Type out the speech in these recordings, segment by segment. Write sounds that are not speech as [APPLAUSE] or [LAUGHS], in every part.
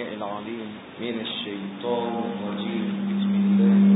العليم من الشيطان الرجيم بسم الله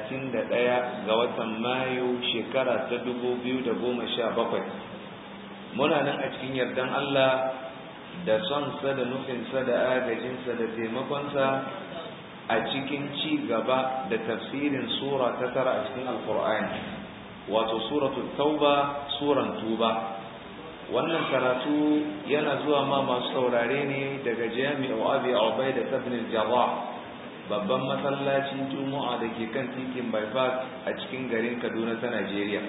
talatin da ɗaya ga watan mayu shekara ta dubu biyu da goma sha bakwai muna nan a cikin yardan Allah da sonsa da nufinsa da agajinsa da taimakonsa a cikin ci gaba da tafsirin sura ta tara a cikin alkur'ani wato suratul tauba suran tuba wannan karatu yana zuwa ma masu saurare ne daga jami'u abi da ibn al-jarrah babban masallacin juma'a da ke kan titin bypass a cikin garin kaduna ta najeriya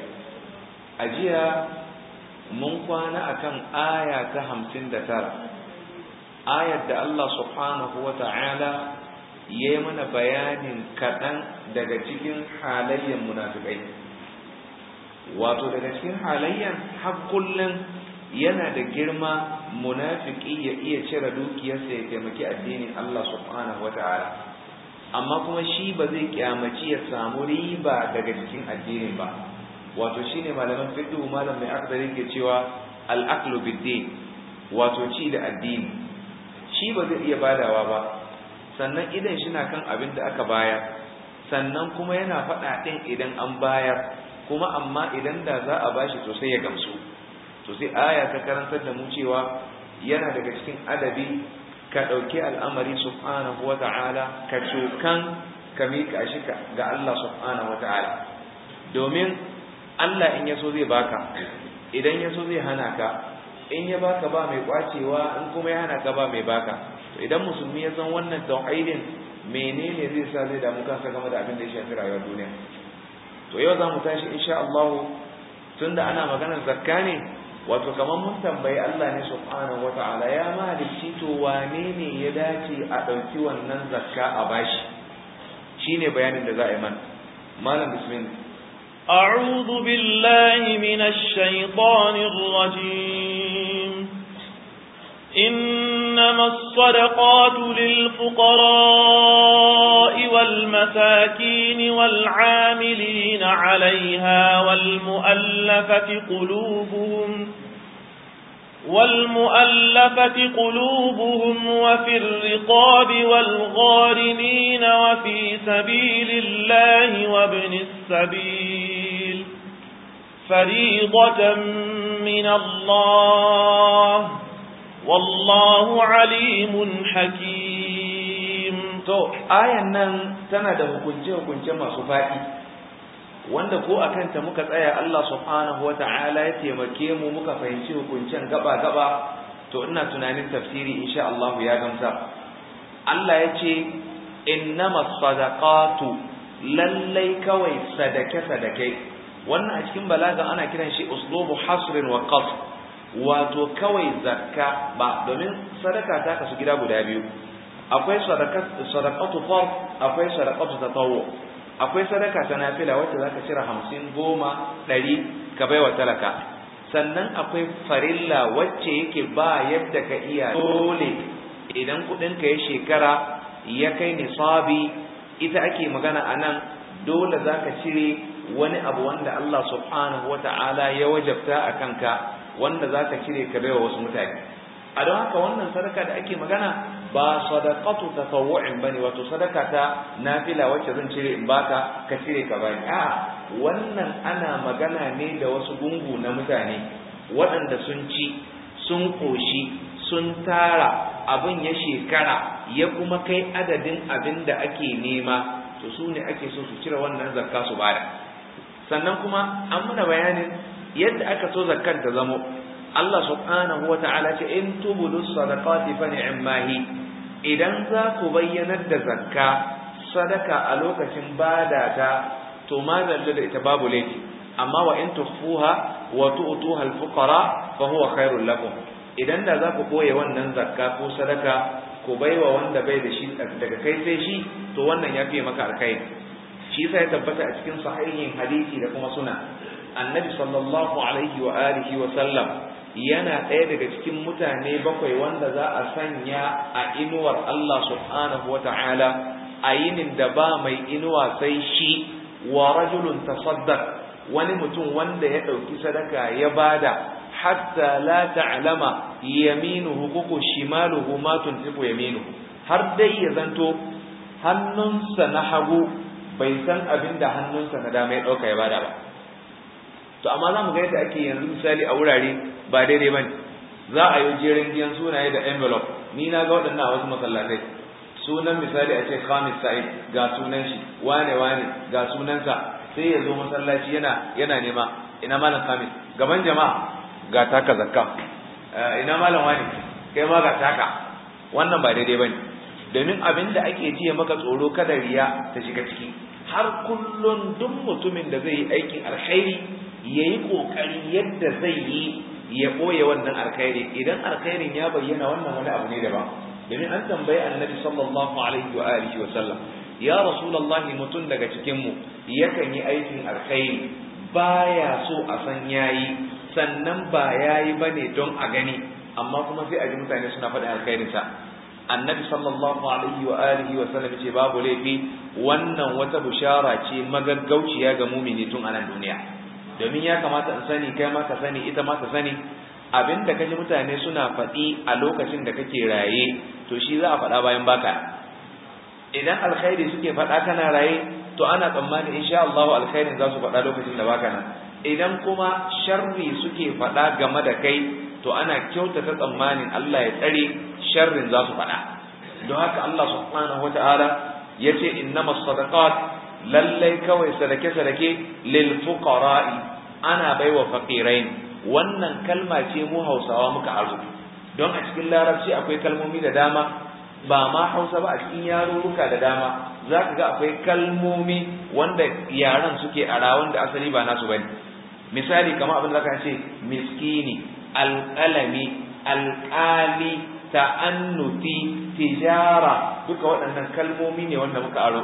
a jiya mun kwana akan aya ta hamsin da tara ayar da allah subhanahu wa ta'ala ya yi mana bayanin kaɗan daga cikin halayyar munafikai wato daga cikin halayyar har kullum yana da girma munafiki ya iya cire dukiyarsa ya taimaki addinin allah subhanahu wa ta'ala amma kuma shi ba zai kyamaci ya samu riba daga cikin addinin ba wato shi ne malaman fiqh malam mai akdari ke cewa al wato ci da addini shi ba zai iya badawa ba sannan idan shi na kan abin da aka bayar sannan kuma yana faɗa ɗin idan an bayar kuma amma idan da za a bashi to sai ya gamsu to sai aya ta karantar da mu cewa yana daga cikin adabi ka ɗauki al'amari subhanahu wa ta'ala ka cokan ka miƙa shi ga Allah subhanahu wa ta'ala domin Allah in yaso zai baka idan yaso zai hana ka in ya baka ba mai kwacewa in kuma ya hana ka ba mai baka idan musulmi ya san wannan tauhidin menene zai sa zai damu kansa game da abin da ya shafi rayuwar duniya to yau za mu tashi insha Allah tunda ana maganar zakka ne wato kamar mun tambayi Allah ne subhanahu wata'ala ya mahalicci to wane ne ya dace a ɗauki wannan zakka a bashi shine bayanin da za a yi mana malam bismillah أعوذ بالله من الشيطان الرجيم إنما الصدقات للفقراء والمساكين والعاملين عليها والمؤلفة قلوبهم والمؤلفة قلوبهم وفي الرقاب والغارمين وفي سبيل الله وابن السبيل فريضة من الله والله عليم حكيم تو آية نن تنا ده وكنجي ما masu wanda ko a kanta muka tsaya Allah subhanahu wa ta'ala ya taimake mu muka fahimci hukuncin gaba-gaba to ina tunanin tafsiri insha Allah ya gamsa Allah ya ce innamas sadaqatu lallai kawai sadake-sadake wannan a cikin balaga ana kiran shi uslubu hasrin wa qasr wato kawai zakka ba domin sadaka ta kasu gida guda biyu akwai sadaqatu fard akwai sadaqatu tatawwu akwai sadaka ta nafila wacce zaka cire hamsin goma ɗari ka baiwa talaka sannan akwai farilla wacce yake ba yadda ka iya dole idan ka ya shekara ya kai nisabi ita ake magana anan dole zaka cire wani abu wanda Allah subhanahu wata'ala ya wajabta a kanka wanda zaka cire ka baiwa wasu mutane a don haka wannan sadaka da ake magana ba sadaqatu tatawu'in bane wato sadaka ta nafila wacce zan cire in baka ka cire ka bani a wannan ana magana ne da wasu gungu na mutane waɗanda sun ci sun koshi sun tara abin ya shekara ya kuma kai adadin abin da ake nema to su ne ake so su cire wannan zakka su bada sannan kuma an muna bayanin yadda aka so zakkan ta zamo Allah subhanahu wa ta'ala ce in tubudu sadaqati fa mahi. idan za ku bayyanar da zakka sadaka a lokacin bada ta to ma zalla da ita babu laifi amma wa in tukhfuha wa tu'tuha al-fuqara fa huwa khairul lakum idan da za ku koye wannan zakka ko sadaka ku baiwa wanda bai da shi daga kai sai shi to wannan ya fi maka alkhairi shi yasa ya tabbata a cikin sahihin hadisi da kuma suna annabi sallallahu alaihi wa alihi wa sallam yana ɗaya daga cikin mutane bakwai wanda za a sanya a inuwar Allah subhanahu wa ta'ala a yinin da ba mai inuwa sai shi wa rajulun tasaddaq wani mutum wanda ya ɗauki sadaka ya bada hatta la ta'lama yaminu kuku shimaluhu ma yaminu." yaminuhu har dai ya zanto hannunsa na hagu bai san abin da hannunsa na dama ya ɗauka ya bada ba to amma za mu ga yadda ake yanzu misali a wurare ba daidai ba ne za a yi jerin giyan sunaye da envelope ni na ga waɗannan a wasu masallatai sunan misali a ce khamis sa'id ga sunan shi wane wane ga sunansa sai ya zo masallaci yana yana nema ina malam khamis gaban jama'a ga taka zakka eh, ina malam wane kai ma ga taka wannan ba daidai ba ne. domin abin da ake jiya maka tsoro kada riya ta shiga ciki har kullun duk mutumin da zai yi aikin alkhairi yayi ƙoƙari yadda zai yi ya ɓoye wannan alkhairi idan alkhairin ya bayyana wannan wani abu ne ba. domin an tambayi annabi sallallahu alaihi wa alihi wa sallam ya rasulullahi mutum daga cikin mu yakan yi aikin alkhairi baya so a san yayi sannan ba yayi bane don a gani amma kuma sai a ji mutane suna faɗin alkhairinsa annabi sallallahu alaihi wa alihi wa sallam ce babu laifi wannan wata bushara ce magaggauciya ga mumini tun nan duniya domin ya kamata in sani kai ma ka sani ita ma ta sani da kaji mutane suna faɗi a lokacin da kake raye to shi za a faɗa bayan baka idan alkhairi suke faɗa kana raye to ana tsammani insha Allah alkhairin za su faɗa lokacin da baka nan idan kuma sharri suke faɗa game da kai to ana kyautata tsammanin Allah ya tsare sharrin za su faɗa don haka Allah subhanahu wataala yace innamas sadaqat lallai kawai sadake-sadake lil fuqara'i ana baiwa faqirai wannan kalma ce mu Hausawa muka aro don a cikin larabci akwai kalmomi da dama ba ma Hausa ba a cikin yarurruka da dama zaka ga akwai kalmomi wanda yaran suke ara wanda asali ba nasu bane misali kamar abin da zaka ce miskini alqalami alqali ta'annuti tijara duka waɗannan kalmomi ne wanda muka aro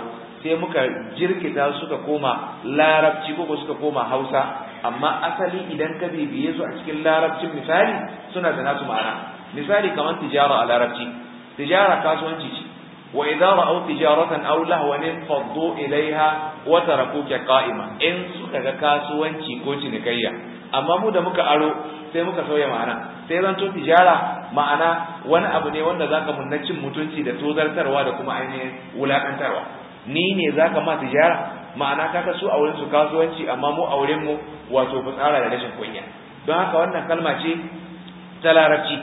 sai muka jirkita suka koma larabci ko suka koma hausa amma asali idan ka bibiye su a cikin larabcin misali suna da nasu ma'ana misali kamar tijara a larabci tijara kasuwanci ce wa idza ra'aw tijaratan aw lahwan faddu ilaiha wa tarakuka qa'ima in suka ga kasuwanci ko cinikayya amma mu da muka aro sai muka sauya ma'ana sai zan tijara ma'ana wani abu ne wanda zaka munna cin mutunci da tozartarwa da kuma ainihin wulakantarwa ni ne zaka ma tijara ma'ana ka kaso a wurin su kasuwanci amma mu a wurin mu wato tsara da rashin kunya don haka wannan kalma ce ta larabci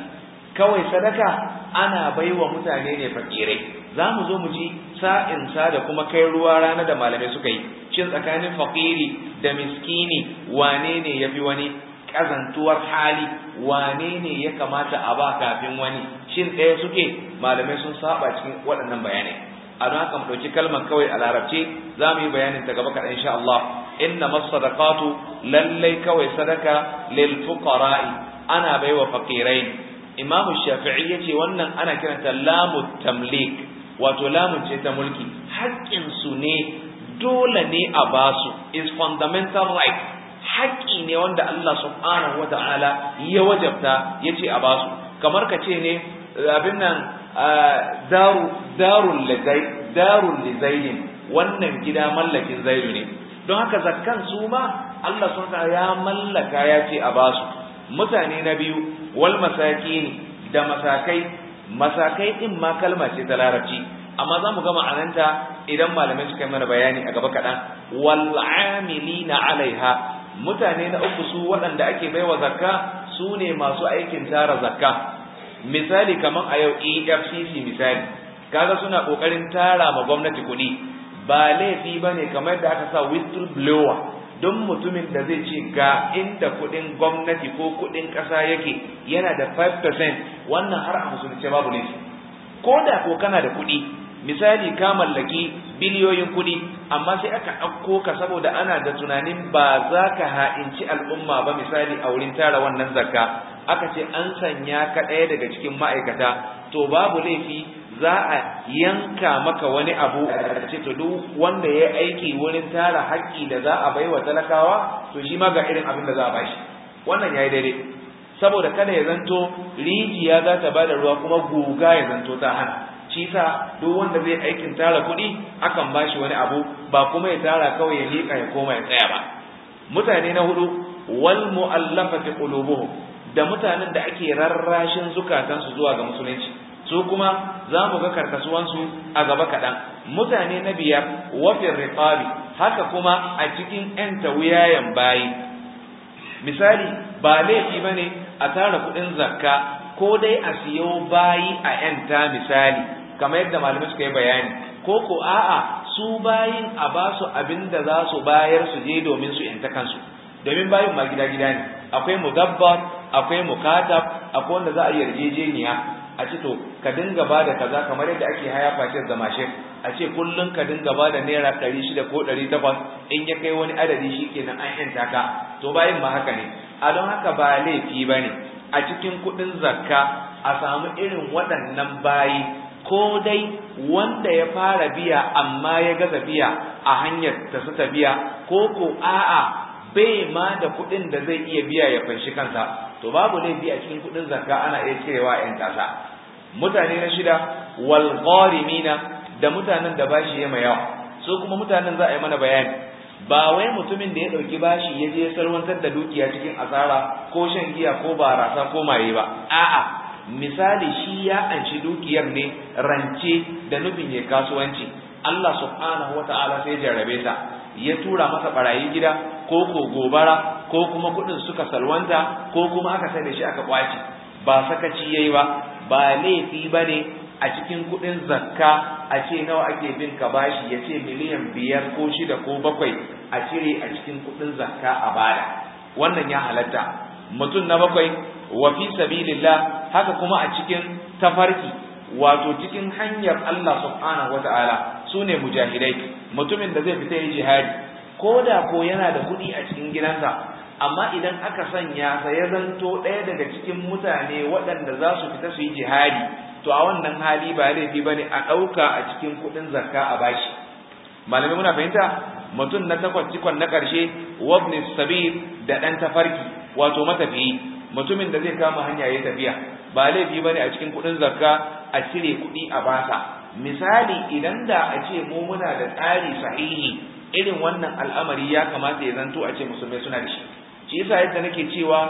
kawai sadaka ana baiwa mutane ne fakirai za mu zo mu ji sa da kuma kai ruwa rana da malamai suka yi shin tsakanin fakiri da miskini wane ne ya fi wani kazantuwar hali wane ne ya kamata a ba kafin wani shin ɗaya suke malamai sun saba cikin waɗannan bayanai a don haka mu ɗauki kalmar kawai a larabce za mu yi bayanin ta gaba kaɗan insha Allah inna masadaqatu lallai kawai sadaka lil fuqara'i ana baiwa faqirai imamu shafi'i yace wannan ana kiranta lamu tamlik wato lamun ce ta mulki haƙƙin su ne dole ne a basu is fundamental right haƙƙi ne wanda Allah subhanahu wa ta'ala ya wajabta ya ce a basu kamar ka ce ne abin nan darul lizainin wannan gida mallakin zailu ne don haka zakkan su ma Allah sun ya mallaka ya ce a basu mutane na biyu wal masakin da masakai masakai din ma kalma ce ta larabci amma za mu ga ma'ananta idan malamai suka yi mana bayani a gaba kaɗan wal amilina alaiha mutane na uku su waɗanda ake baiwa zakka su ne masu aikin tara zakka misali kamar a yau EFCC misali kaga suna kokarin tara ma gwamnati kuɗi ba laifi ba ne kamar da aka sa whistle blower don mutumin da zai ce ga inda kuɗin gwamnati ko kuɗin ƙasa yake yana da 5% wannan har a musulunce babu laifi ko da ko kana da kuɗi misali ka mallaki biliyoyin kuɗi amma sai aka ɗauko ka saboda ana da tunanin ba za ka ha'inci al'umma ba misali a wurin tara wannan zakka aka ce an sanya ka ɗaya daga cikin ma'aikata to babu laifi za a yanka maka wani abu a ce to duk wanda ya aiki wurin tara haƙƙi da za a baiwa talakawa to shi ma ga irin abin da za a bashi wannan yayi daidai saboda kada ya zanto rijiya za ta bada ruwa kuma guga ya zanto ta hana shi sa duk wanda zai aikin tara kuɗi akan bashi wani abu ba kuma ya tara kawai ya miƙa ya koma ya tsaya ba mutane na hudu wal mu'allafati qulubuhum da mutanen da ake rarrashin zukatansu zuwa ga musulunci su kuma za mu ga karkasuwansu a gaba kaɗan mutane na biyar wafin riƙari haka kuma a cikin 'yanta tawiyayen bayi misali ba laifi ba ne a tara kuɗin zakka ko dai a siyo bayi a 'yanta misali kamar yadda malamai suka yi bayani ko ko a'a su bayin a ba su abin da za su bayar su je domin su yanta kansu domin bayin ma gida gida ne akwai mudabbat akwai mukatab akwai wanda za a yarjejeniya a ce to ka dinga ba da kaza kamar yadda ake haya fashe zama shi a ce kullum ka dinga ba da naira ɗari shida ko ɗari takwas in ya kai wani adadi shi kenan an yanta ka to bayin ma haka ne a don haka ba laifi ba ne a cikin kuɗin zakka a samu irin waɗannan bayi ko dai wanda ya fara biya amma ya gaza biya a hanyar ta su biya ko ko a'a bai ma da kuɗin da zai iya biya ya fanshi kansa to babu laifi a cikin kuɗin zakka ana iya cewa yan kasa mutane na shida wal gharimina da mutanen da bashi ya mayawa, so kuma mutanen za a yi mana bayani ba wai mutumin da ya ɗauki bashi ya je sarwantar da dukiya cikin asara ko shan giya ko barasa ko maye ba a'a misali shi ya anci dukiyar ne rance da nufin ya kasuwanci Allah subhanahu wata'ala sai jarrabe ta ya tura masa barayi gida ko ko gobara ko kuma kudin suka salwanta ko kuma aka sai da shi aka kwaci ba sakaci yayi ba ba laifi bane a cikin kudin zakka a ce nawa ake bin ka bashi ya ce miliyan biyar ko shida ko bakwai a cire a cikin kudin zakka a bada wannan ya halatta mutum na bakwai wa fi sabilillah haka kuma a cikin tafarki wato cikin hanyar Allah subhanahu wata'ala sune mujahidai mutumin da zai fita yi jihadi ko da ko yana da kuɗi a cikin gidansa amma idan aka sanya sa ya zanto ɗaya daga cikin mutane waɗanda za su fita su yi jihadi to a wannan hali ba laifi ba ne a ɗauka a cikin kuɗin zakka a bashi malamai muna fahimta mutum na takwas cikon na ƙarshe wabni sabil da ɗan tafarki wato matafiyi mutumin da zai kama hanya ya tafiya ba laifi bane a cikin kudin zakka a cire kudi a basa misali idan da a ce mu muna da tsari sahihi irin wannan al'amari ya kamata ya zanto a ce musulmai suna da shi shi yasa yadda nake cewa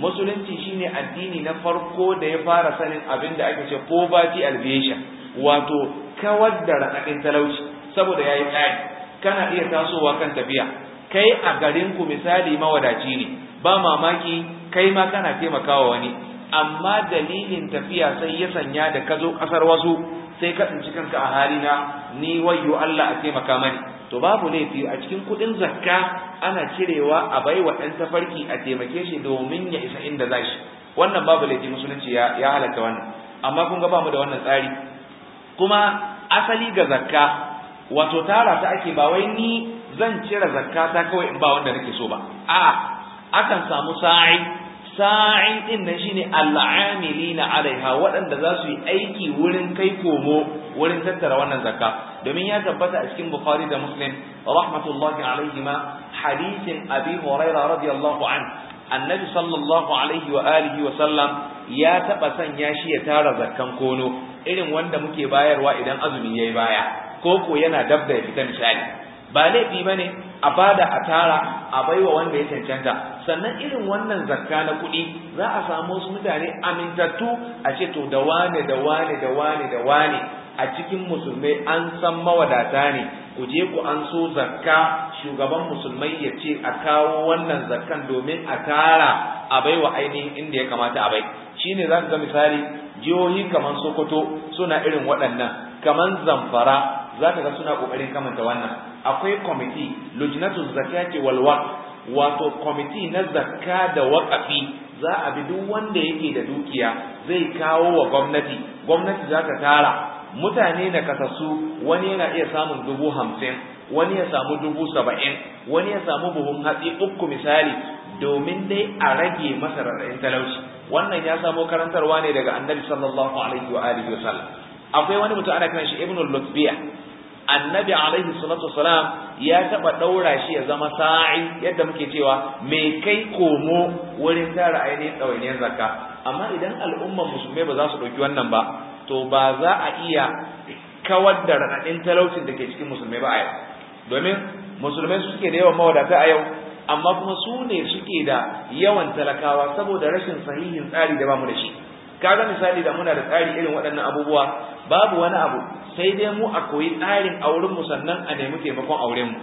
musulunci shine addini na farko da ya fara sanin abin da ake ce poverty alleviation wato kawar da raɗaɗin talauci saboda ya yi tsari kana iya tasowa kan tafiya kai a garin ku misali mawadaci ne ba mamaki kai ma kana taimakawa wani amma dalilin tafiya sai ya sanya da ka zo ƙasar wasu sai ka tsinci kanka a hali na, ni wayyo Allah a taimaka mani to babu laifi a cikin kuɗin zakka ana cirewa a bai wa ɗan tafarki a taimake shi domin ya isa inda za shi wannan babu laifi musulunci ya halatta wannan amma kun ga bamu da wannan tsari kuma asali ga zakka wato tara ta ake ba wai ni zan cire zakka ta kawai in ba wanda nake so ba A'a akan samu sa'i sa'in din nan shine al'amilina alaiha waɗanda za su yi aiki wurin kai komo wurin tattara wannan zakka domin ya tabbata a cikin bukhari da muslim rahmatullahi alaihima hadisin abi huraira radiyallahu an annabi sallallahu alaihi wa alihi wa sallam ya taɓa sanya shi ya tara zakkan kono irin wanda muke bayarwa idan azumi yayi baya koko yana dabda ya fita misali ba laifi bane a bada a tara a baiwa wanda ya cancanta sannan irin wannan zakka na kuɗi za a samu wasu mutane amintattu a ce to da wane da wane da wane da wane a cikin musulmai an san mawadata ne ku je ku an so zakka shugaban musulmai ya ce a kawo wannan zakkan domin a tara a baiwa ainihin inda ya kamata a bai shine za ka ga misali jihohi kamar Sokoto suna irin waɗannan kamar Zamfara za ka ga suna kokarin kamanta wannan akwai kwamiti lujnatu zakati wal walwa? wato kwamiti na zakka da waqafi za a bi duk wanda yake da dukiya zai kawo wa gwamnati gwamnati za ta tara mutane na kasassu wani yana iya samun dubu hamsin wani ya samu dubu saba'in wani ya samu buhun hatsi uku misali domin dai a rage masa raɗaɗin talauci wannan ya samo karantarwa ne daga annabi sallallahu alaihi wa alihi wa akwai wani mutum ana kiran shi ibn lutbiya annabi alaihi salatu wasalam ya taba daura shi ya zama sa'i yadda muke cewa me kai komo wurin tara ainihin ɗawainiyar zakka amma idan al'ummar musulmai ba za su ɗauki wannan ba to ba za a iya kawar da raɗaɗin talaucin da ke cikin musulmai ba a yau domin musulmai suke da yawan mawadata a yau amma kuma su ne suke da yawan talakawa saboda rashin sahihin tsari da ba mu da shi kaga misali da muna da tsari irin waɗannan abubuwa babu wani abu sai dai mu a koyi tsarin auren mu sannan a nemi taimakon auren mu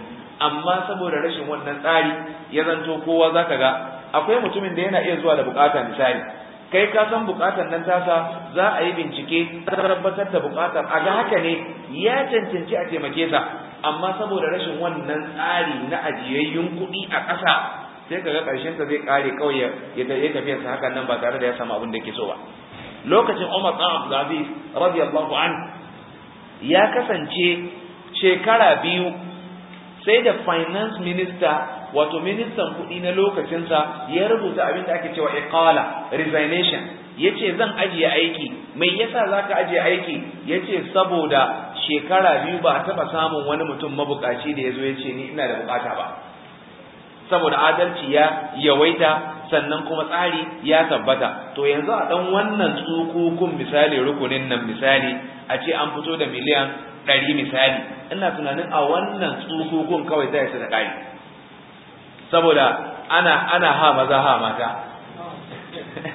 amma saboda rashin wannan tsari ya zanto kowa zaka ga akwai mutumin da yana iya zuwa da bukata misali kai ka san bukatar nan tasa za a yi bincike ta tabbatar da bukatar a ga haka ne ya cancanci a taimake sa amma saboda rashin wannan tsari na ajiyayyun kuɗi a ƙasa sai ka ga ƙarshen ta zai ƙare kawai ya tafiya sa hakan nan ba tare da ya samu abin da ke so ba lokacin Umar ɗan Abdulaziz radiyallahu an ya kasance shekara biyu sai da finance minister wato ministan kuɗi na lokacinsa ya rubuta abin da ake cewa iqala resignation yace zan ajiye aiki mai yasa zaka ajiye aiki Ya ce saboda shekara biyu ba a taɓa samun wani mutum mabukaci da ya zo ya ce ni ina da bukata ba saboda adalci ya yawaita sannan kuma tsari ya tabbata to yanzu a dan wannan tsukukun misali rukunin nan misali a ce an fito da miliyan ɗari misali ina tunanin a wannan tsukukun kawai zai su da ƙari saboda ana ana ha maza ha mata [LAUGHS]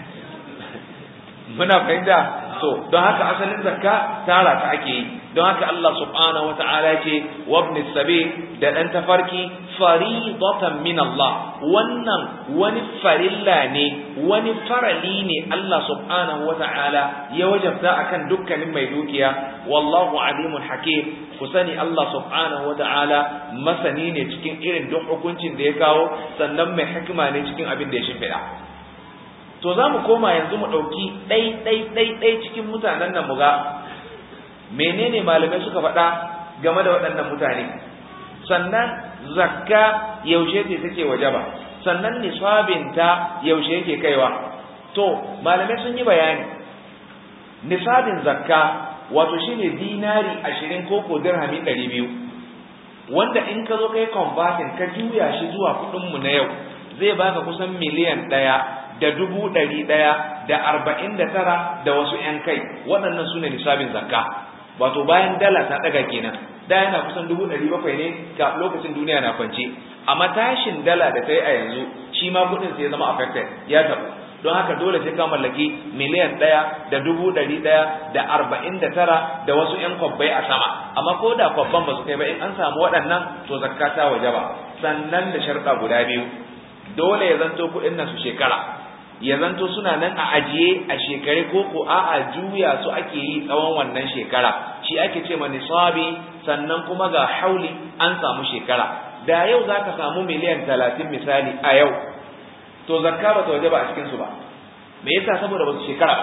muna fahimta so don haka asalin zakka tara ta ake yi don haka Allah subhanahu ce yake wabni sabi da dan tafarki faridatan min Allah wannan wani farilla ne wani farali ne Allah subhanahu ta'ala ya wajabta akan dukkanin mai dukiya wallahu alimul hakim ku sani Allah subhanahu ta'ala masani ne cikin irin duk hukuncin da ya kawo sannan mai hikima ne cikin abin da ya shimfiɗa to za mu koma yanzu mu ɗauki ɗai ɗai ɗai ɗai cikin mutanen nan mu ga menene malamai suka faɗa game da waɗannan mutane sannan zakka yaushe ce take wajaba sannan nisabinta yaushe yake kaiwa to malamai sun yi bayani nisabin zakka wato shine dinari ashirin ko ko dirhami ɗari biyu wanda in ka zo kai converting ka juya shi zuwa kuɗinmu na yau zai baka kusan miliyan ɗaya da dubu ɗari ɗaya da arba'in da tara da wasu ‘yan kai waɗannan su ne nisabin zakka wato bayan dala ta ɗaga kenan da yana kusan dubu ɗari bakwai ne ga lokacin duniya na kwance a matashin dala da ta yi a yanzu shi ma kuɗin sai ya zama affected ya tabu don haka dole sai ka mallaki miliyan ɗaya da dubu ɗari ɗaya da arba'in da tara da wasu ‘yan kwabbai a sama amma ko da kwabban ba su kai ba in an samu waɗannan to zakka ta waje ba sannan da sharɗa guda biyu dole ya zanto kuɗin nasu shekara ya zanto suna nan a ajiye a shekare ko ko a'a juya su ake yi tsawon wannan shekara shi ake ce mani sabi sannan kuma ga hauli an samu shekara da yau za ka samu miliyan talatin misali a yau to zakka ba ta waje ba a cikinsu ba me yasa saboda ba su shekara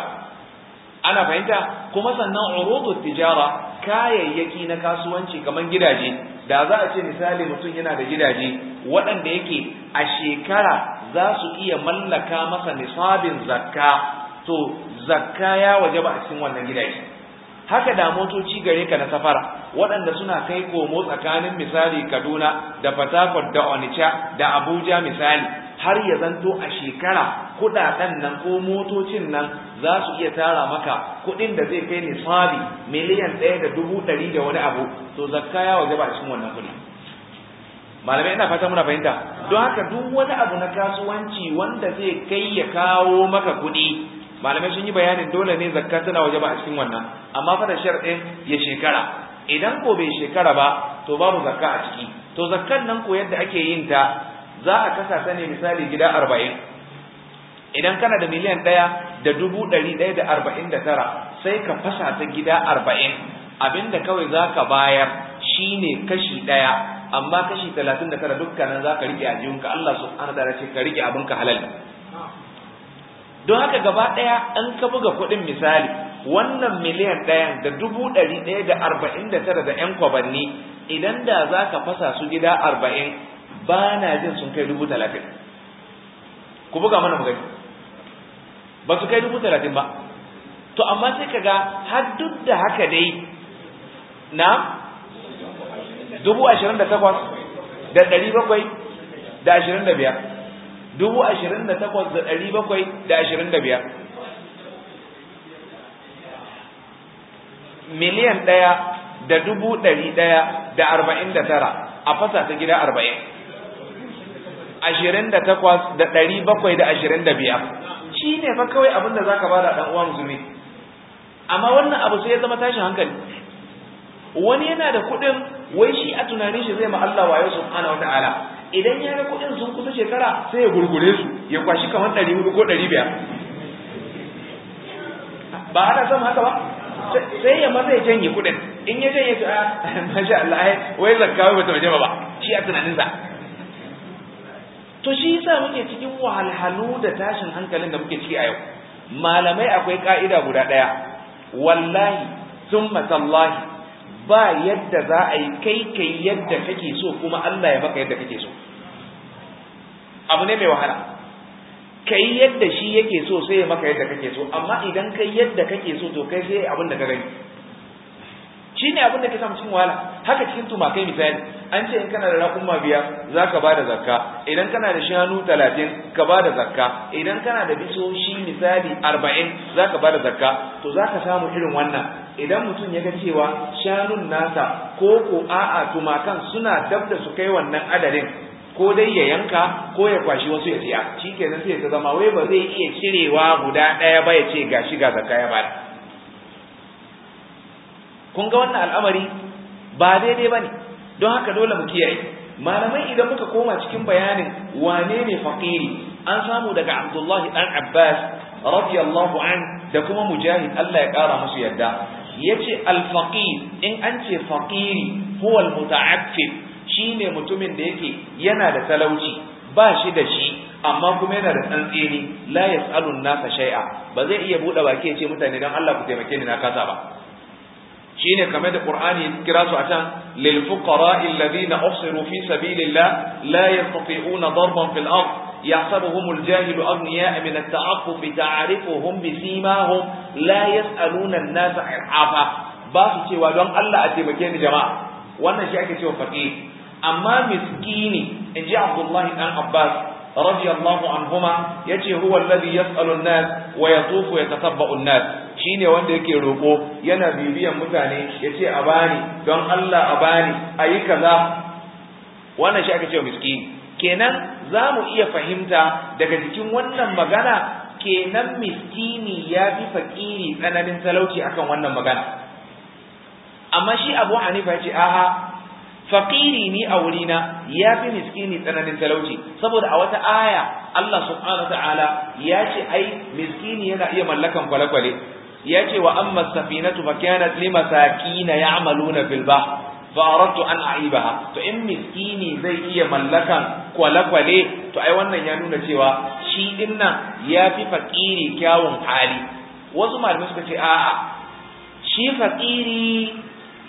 ana fahimta kuma sannan urudu tijara kayayyaki na kasuwanci kamar gidaje da za a ce misali mutum yana da gidaje waɗanda yake a shekara za su iya mallaka masa nisabin zakka to zakka ya waje ba a cikin wannan gidaje haka da motoci gare ka na safara waɗanda suna kai komo tsakanin misali Kaduna da fatakwar da Onitsha da Abuja misali har ya zanto a shekara kuɗaɗen nan ko motocin nan za su iya tara maka kuɗin da zai kai nisabi miliyan ɗaya da dubu ɗari da wani abu to zakka ya waje ba a cikin wannan kuɗi malamai ina fata muna fahimta don haka duk wani abu na kasuwanci wanda zai kai ya kawo maka kuɗi malamai sun yi bayanin dole ne zakka tana waje ba a cikin wannan amma fa da sharɗin ya shekara idan ko bai shekara ba to babu zakka a ciki to zakkan nan ko yadda ake yin ta za a kasa ta ne misali gida arba'in idan kana da miliyan ɗaya da dubu ɗari ɗaya da arba'in da tara sai ka fasa ta gida arba'in abinda kawai za ka bayar shine kashi ɗaya amma kashi 39 dukkanin za ka rike ka Allah subhanahu wataala ce ka rike ka halal don haka gaba ɗaya an ka buga kuɗin misali wannan miliyan ɗayan da dubu ɗari ɗaya da arba'in da tara da ƴan kwabanni idan da za ka fasa su gida arba'in ba na jin sun kai dubu talatin ku buga mana mu ba su kai dubu talatin ba to amma sai ka ga har duk da haka dai na dubu ashirin da takwas da ɗari bakwai da ashirin da biyar dubu ashirin da takwas da ɗari bakwai da ashirin da biyar miliyan ɗaya da dubu ɗari ɗaya da arba'in da tara a fasa ta gida arba'in ashirin da takwas da ɗari bakwai da ashirin da biyar shi ne fa kawai abin da za ka ba da ɗan uwan zumi amma wannan abu sai ya zama tashin hankali wani yana da kuɗin wai shi a tunanin shi zai ma Allah wayo subhanahu ta'ala? idan ya ga kudin sun kusa shekara sai ya gurgure su ya kwashi kamar ɗari ko ɗari ba ana son haka ba sai ya maza janye kuɗin in ya janye su a ah, masha Allah ai wai zakka ba ta waje ba shi a tunaninsa to shi yasa muke cikin wahalhalu da tashin hankalin da muke ciki a yau malamai akwai ka'ida guda ɗaya wallahi summa tallahi ba yadda za a yi kai kai yadda kake so kuma Allah ya maka yadda kake so abu ne mai wahala kai yadda shi yake so sai ya maka yadda kake so amma idan kai yadda kake so to kai sai abin da ka gani Shi ne abin da ke samu cikin wahala haka cikin tumakai misali an ce in kana da raƙumma biya za ka ba da zakka idan kana da shanu talatin ka ba da zakka idan kana da bisoshi misali arba'in za ka ba da zakka to za ka samu irin wannan idan mutum ya ga cewa shanun nasa ko ko a'a tumakan suna dabda su kai wannan adadin ko dai ya yanka ko ya kwashi wasu ya siya shikenan sai ta zama wai ba zai iya cirewa guda ɗaya ba ya ce gashi ga zakka ya bada kun ga wannan al'amari ba daidai bane don haka dole mu kiyaye malamai idan muka koma cikin bayanin wane ne faqiri an samu daga Abdullahi dan Abbas radiyallahu an da kuma Mujahid Allah ya kara musu yadda yace al in an ce faqiri huwa al shi shine mutumin da yake yana da talauci ba shi da shi amma kuma yana da tsantseni la ya an-nasa shai'a ba zai iya buɗe baki ya ce mutane dan Allah ku taimake ni na kasa ba shine kamar da Qur'ani ya kira su a can lil fuqara alladhina uhsiru fi sabilillah la yastati'una darban fil ard يحسبهم الجاهل أغنياء من التعفف تعرفهم بسيماهم لا يسألون الناس إرحافا ba su cewa don Allah a taimake ni jama'a wannan shi ake cewa faqir amma miskini in ji Abdullahi dan Abbas radiyallahu anhuma yace huwa alladhi yas'alu an-nas wa yatufu yatatabba'u an-nas shine wanda yake roko yana bibiyan mutane yace a bani don Allah a bani ayi kaza wannan shi ake cewa miskini kenan za mu iya fahimta daga jikin wannan magana kenan miskini ya fi fakiri tsananin talauci akan wannan magana amma shi abu hanifa ce Aha, fakiri ni a wurina ya fi miskini tsananin talauci saboda a wata aya Allah subhanahu ta'ala ya ce ai miskini yana iya mallakan kwale-kwale ya ce wa amma safinatu fa kanat na ya'maluna fil bahr fa aradtu an a'ibaha to in miskini zai iya mallakan kwale-kwale to ai wannan ya nuna cewa shi dinnan ya fi fakiri kyawun hali wasu malamai suka ce a'a shi fakiri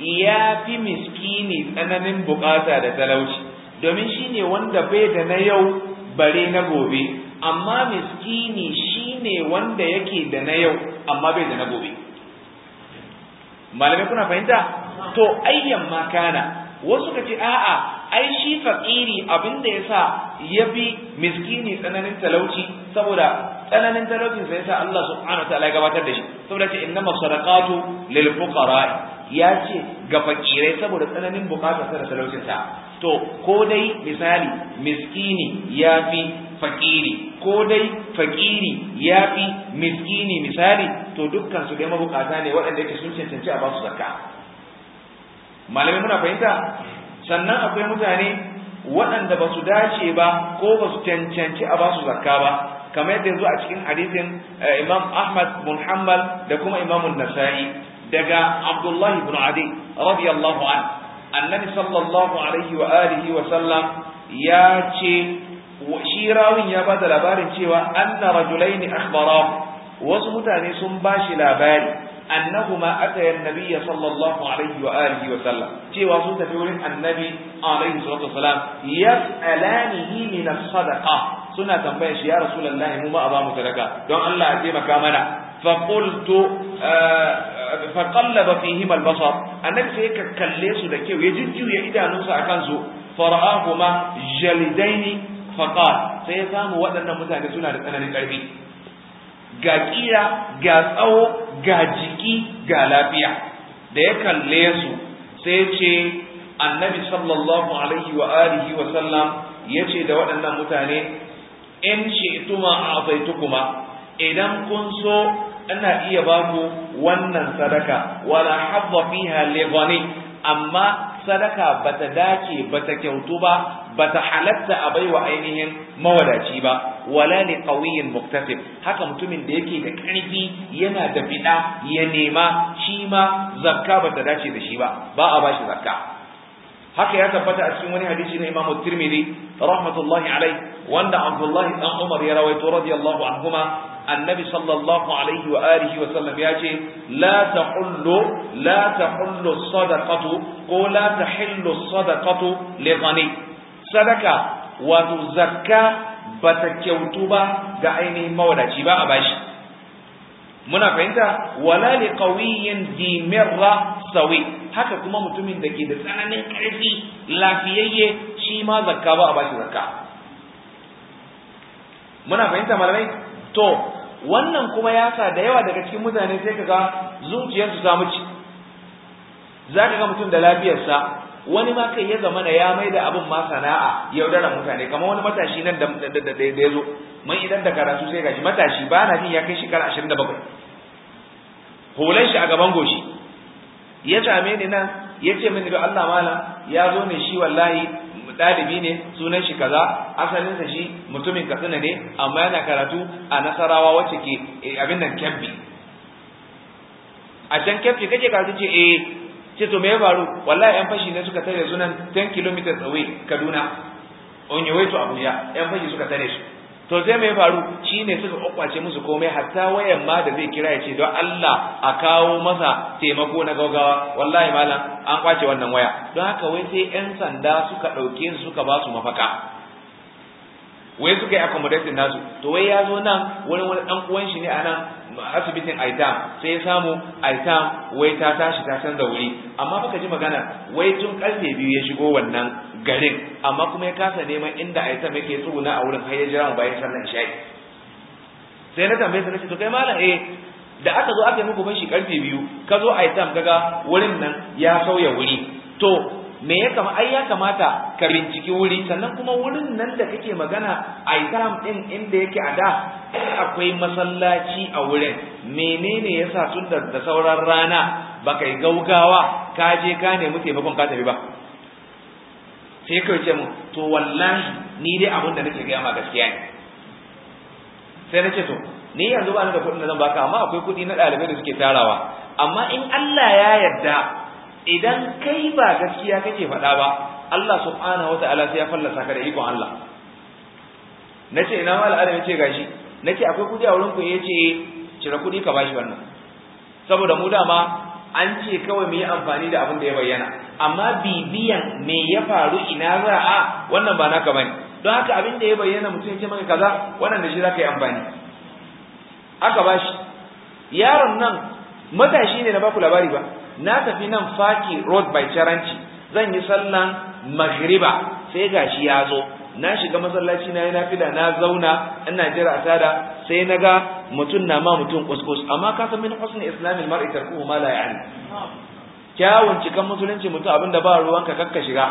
ya fi miskini tsananin bukata da talauci domin shi ne wanda bai da na yau bare na gobe amma miskini shi ne wanda yake da na yau amma bai da na gobe malamai kuna fahimta to ayyan ma kana wasu ka ce a'a ai shi fakiri abin da yasa yafi miskini tsananin talauci saboda tsananin talaucin sa ta Allah subhanahu wa ta'ala ya gabatar da shi saboda ce innama sadaqatu lil fuqara ya ce ga fakirai saboda tsananin bukata sa da talaucin sa to ko dai misali miskini ya fi fakiri ko dai fakiri ya fi miskini misali to dukkan su dai mabukata ne waɗanda yake sun cancanci a basu zakka malamai muna fahimta sannan akwai mutane waɗanda ba su dace ba ko ba su cancanci a ba su zakka ba kamar yadda yanzu a cikin hadisin eh, imam ahmad bin hanbal da kuma imam nasa'i daga abdullahi bin adi radiyallahu an annabi sallallahu alaihi wa alihi wa sallam ya ce shi rawin ya bada labarin cewa anna rajulaini akhbarahu wasu mutane sun bashi labari annahuma ataya annabiyya sallallahu alaihi wa alihi wa sallam cewa sun tafi wurin annabi alaihi salatu wasalam yas'alanihi min as-sadaqa suna tambayar shi ya rasulullahi mu ma a bamu sadaka don Allah ya taimaka mana فقلت فقلب فيهما البصر النبي sai ka kalle su da kyau ya jujjuya idanunsa a su fara'ahuma jalidaini faqal sai ya samu waɗannan mutane suna da tsananin ƙarfi ga ƙira ga tsawo ga jiki ga lafiya da ya kalle su sai ce annabi sallallahu alaihi wa alihi wa sallam ya da waɗannan mutane in ce tuma a kuma idan kun so ina iya ba ku wannan sadaka wala habba fiha li amma sadaka bata dace bata kyautu ba bata halatta a wa ainihin mawadaci ba wala ne qawiyyin muktasib haka mutumin da yake da ƙarfi yana da fiɗa ya nema shi ma zakka bata dace da shi ba ba a bashi zakka haka ya tabbata a cikin wani hadisi na Imam Tirmidhi rahmatullahi alaihi wanda Abdullahi dan Umar ya rawaito radiyallahu anhuma annabi sallallahu alaihi wa alihi wa sallam ya ce la tahullu la tahullu sadaqatu ko la tahillu sadaqatu li ghani sadaka wato zakka ba ta kyautu ba ga ainihin mawadaci ba a bashi muna fahimta wala li qawiyyin bi mirra sawi haka kuma mutumin da ke da tsananin ƙarfi lafiyayye shi ma zakka ba a bashi zakka muna fahimta malamai to wannan kuma ya sa da yawa daga cikin mutane sai kaga zuciyarsu ta muci za ga mutum da lafiyarsa wani ma kai ya zama na ya mai da abin ma sana'a yaudara mutane kamar wani matashi nan da da da ya zo mun idan da karatu sai gashi matashi ba na jin ya kai shekara 27 holan shi a gaban goshi ya same ni nan ya ce mini da Allah mala ya zo ne shi wallahi ɗalibi ne sunan shi kaza asalinsa shi mutumin katsina ne amma yana karatu a nasarawa wacce ke eh, abin nan kyabbi a can kebbi kake karatu ce eh ce to me ya faru wallahi yan fashi ne suka tare su nan 10 km away Kaduna on your way to Abuja yan fashi suka tare su to sai me ya faru shine suka kwakwace musu komai hatta wayan ma da zai kira ya ce don Allah a kawo masa taimako na gaugawa wallahi malam an kwace wannan waya don haka wai sai yan sanda suka dauke su suka ba su mafaka wai suka yi accommodation nasu to wai ya zo nan wani wani dan uwan shi ne a nan asibitin aita sai ya samu aita wai ta tashi ta canza wuri amma baka ji magana wai tun karfe biyu ya shigo wannan garin amma kuma ya kasa neman inda aita yake tsuguna a wurin har ya jira mu bayan sallan isha'i sai na tambaye sa to kai malam eh da aka zo aka yi muku ban shi karfe biyu ka zo aita kaga wurin nan ya sauya wuri to me ya kama ai ya kamata ka binciki wuri sannan kuma wurin nan da kake magana a ikram din inda yake a da akwai masallaci a wurin menene yasa tun da, sauran rana baka yi gaugawa ka je ka nemi taimakon ka tafi ba sai ka ce mu to wallahi ni dai abin da nake gaya ma gaskiya ne sai nace to ni yanzu ba ni da kuɗin da zan baka amma akwai kuɗi na ɗalibai da suke tarawa amma in Allah ya yarda idan kai ba gaskiya kake faɗa ba Allah subhanahu wata'ala sai ya fallasa ka da ikon Allah nace ina mal adam yace gashi nace akwai kudi a wurin ku yace eh, cire kudi ka bashi wannan saboda mu dama an ce kawai mu yi amfani da abin da ya bayyana amma bibiyan me ya faru ina A wannan ba naka bane don haka abin da ya bayyana mutum ya ce maka kaza wannan da shi zaka yi amfani aka bashi yaron nan matashi ne na baku labari ba na tafi nan faki road by charanci zan yi sallan maghriba sai gashi ya zo na shiga masallaci na yi fida na zauna ina jira a tada sai na ga mutum na ma mutum kuskus amma ka san min husni islamil mar'i tarku ma la ya'ni kyawun cikan musulunci mutum abinda ba ruwan ka kakka shiga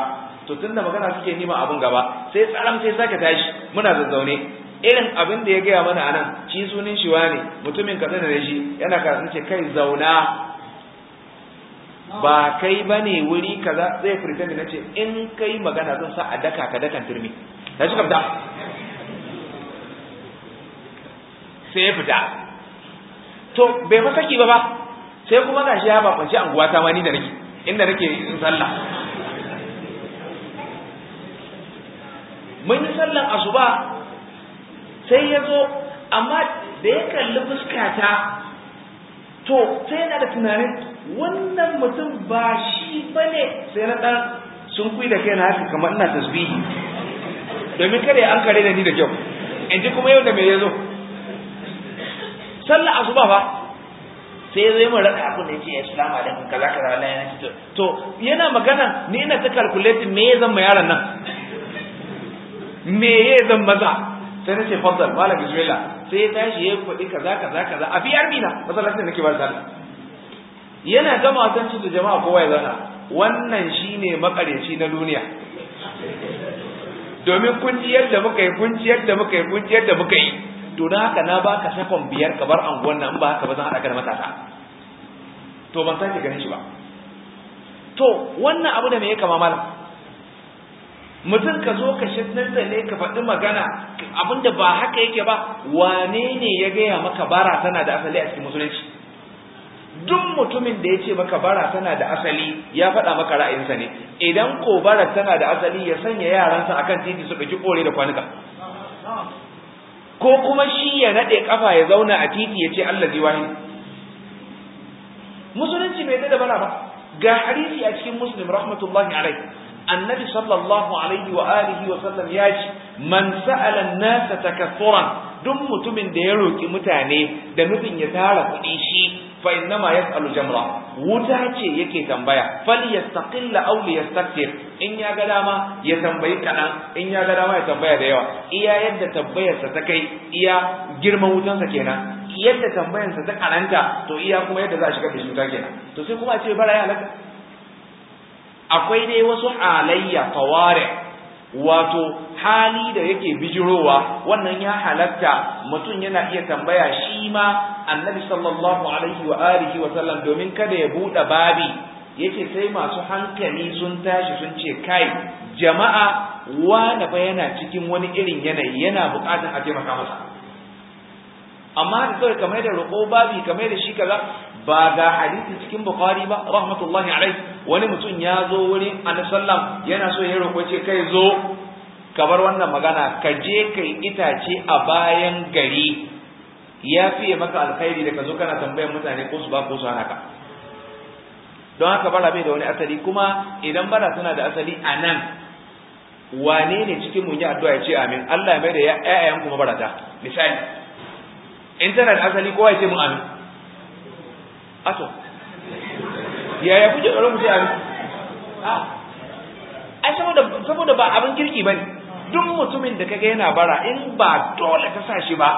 to tunda magana suke nima abin gaba sai tsaram sai sake tashi muna zazzaune irin abin da ya gaya mana anan shi sunin shi wane mutumin katsina da shi yana kasance kai zauna ba kai bane wuri kaza zai furta ni nace in kai magana zan sa a daka ka dakan turmi ta shi kabda sai fita to bai fa saki ba ba sai kuma shi ya ba kwanci anguwa ta ma ni da nake inda nake in sallah mun yi sallan asuba sai ya zo amma da ya kalli fuskata to sai yana da tunanin wannan mutum ba shi ne sai na ɗan sun kuyi da kai na haka kamar ina tasbihi domin kada ya an kare da ni da kyau in ji kuma yau da mai yazo sallah asuba fa sai zai mu rada abin da islam a alaikum kaza kaza wallahi yana ce to yana magana ni ina ta calculating me zan ma yaran nan me zan maza sai nace fadal malam bismillah sai ya tashi ya faɗi kaza kaza kaza a biyar mina masallacin nake ba sallah yana gama san da jama'a kowa ya zana wannan shine makareci na duniya domin kun ji yadda muka yi kun ji yadda muka yi kun ji yadda muka yi to don haka na baka sakon biyar ka bar anguwan nan ba haka ba zan haɗa ka da matasa to ban sake ganin shi ba to wannan abu da me ya kama malam mutum ka zo ka da ne ka faɗi magana abinda ba haka yake ba wane ne ya gaya maka bara tana da asali a cikin musulunci duk mutumin da ya ce maka bara tana da asali ya faɗa maka ra'ayinsa ne idan ko bara tana da asali ya sanya yaransa akan titi su ɗauki kore da kwanuka ko kuma shi ya naɗe ƙafa ya zauna a titi ya ce Allah zai wahid musulunci bai da bara ba ga hadisi a cikin muslim rahmatullahi alaihi annabi sallallahu alaihi wa alihi wa sallam ya ce man sa'ala an-nasa takathuran duk mutumin da ya roki mutane da nufin ya tara kuɗi shi fa innama yas'alu jamra wuta ce yake tambaya fal yastaqilla aw liyastakthir in ya ga dama ya tambayi kadan in ya ga dama ya tambaya da yawa iya yadda tambayarsa ta kai iya girman wutansa kenan yadda tambayarsa ta karanta to iya kuma yadda za a shiga da wuta kenan to sai kuma a ce bara ya halaka akwai dai wasu alayya fawari wato hali da yake bijirowa wannan ya halatta mutum yana iya tambaya shi ma annabi sallallahu alaihi wa alihi wa sallam domin kada ya buɗe babi yake sai masu hankali sun tashi sun ce kai jama'a wani ba yana cikin wani irin yanayi yana buƙatar a taimaka masa amma da kawai kamar da roƙo babi kamar da shi kaza ba ga hadisi cikin bukhari ba rahmatullahi alaihi wani mutum ya zo wurin annabi sallam yana so ya roƙo ce kai zo kamar wannan magana ka je kai itace a bayan gari ya fiye maka alkhairi da ka zo kana tambayar mutane ko su ba ko su hana ka don haka bala bai da wani asali kuma idan bala suna da asali a nan wane ne cikin mun yi addu'a ya ce amin Allah ya mai da ya'ayan kuma barata misali in tana da asali kowa ya ce mun amin ato yaya kuke tsoron mu ce amin a ah, saboda saboda ba abin kirki bane duk mutumin da kaga yana bara in ba dole ka sa shi ba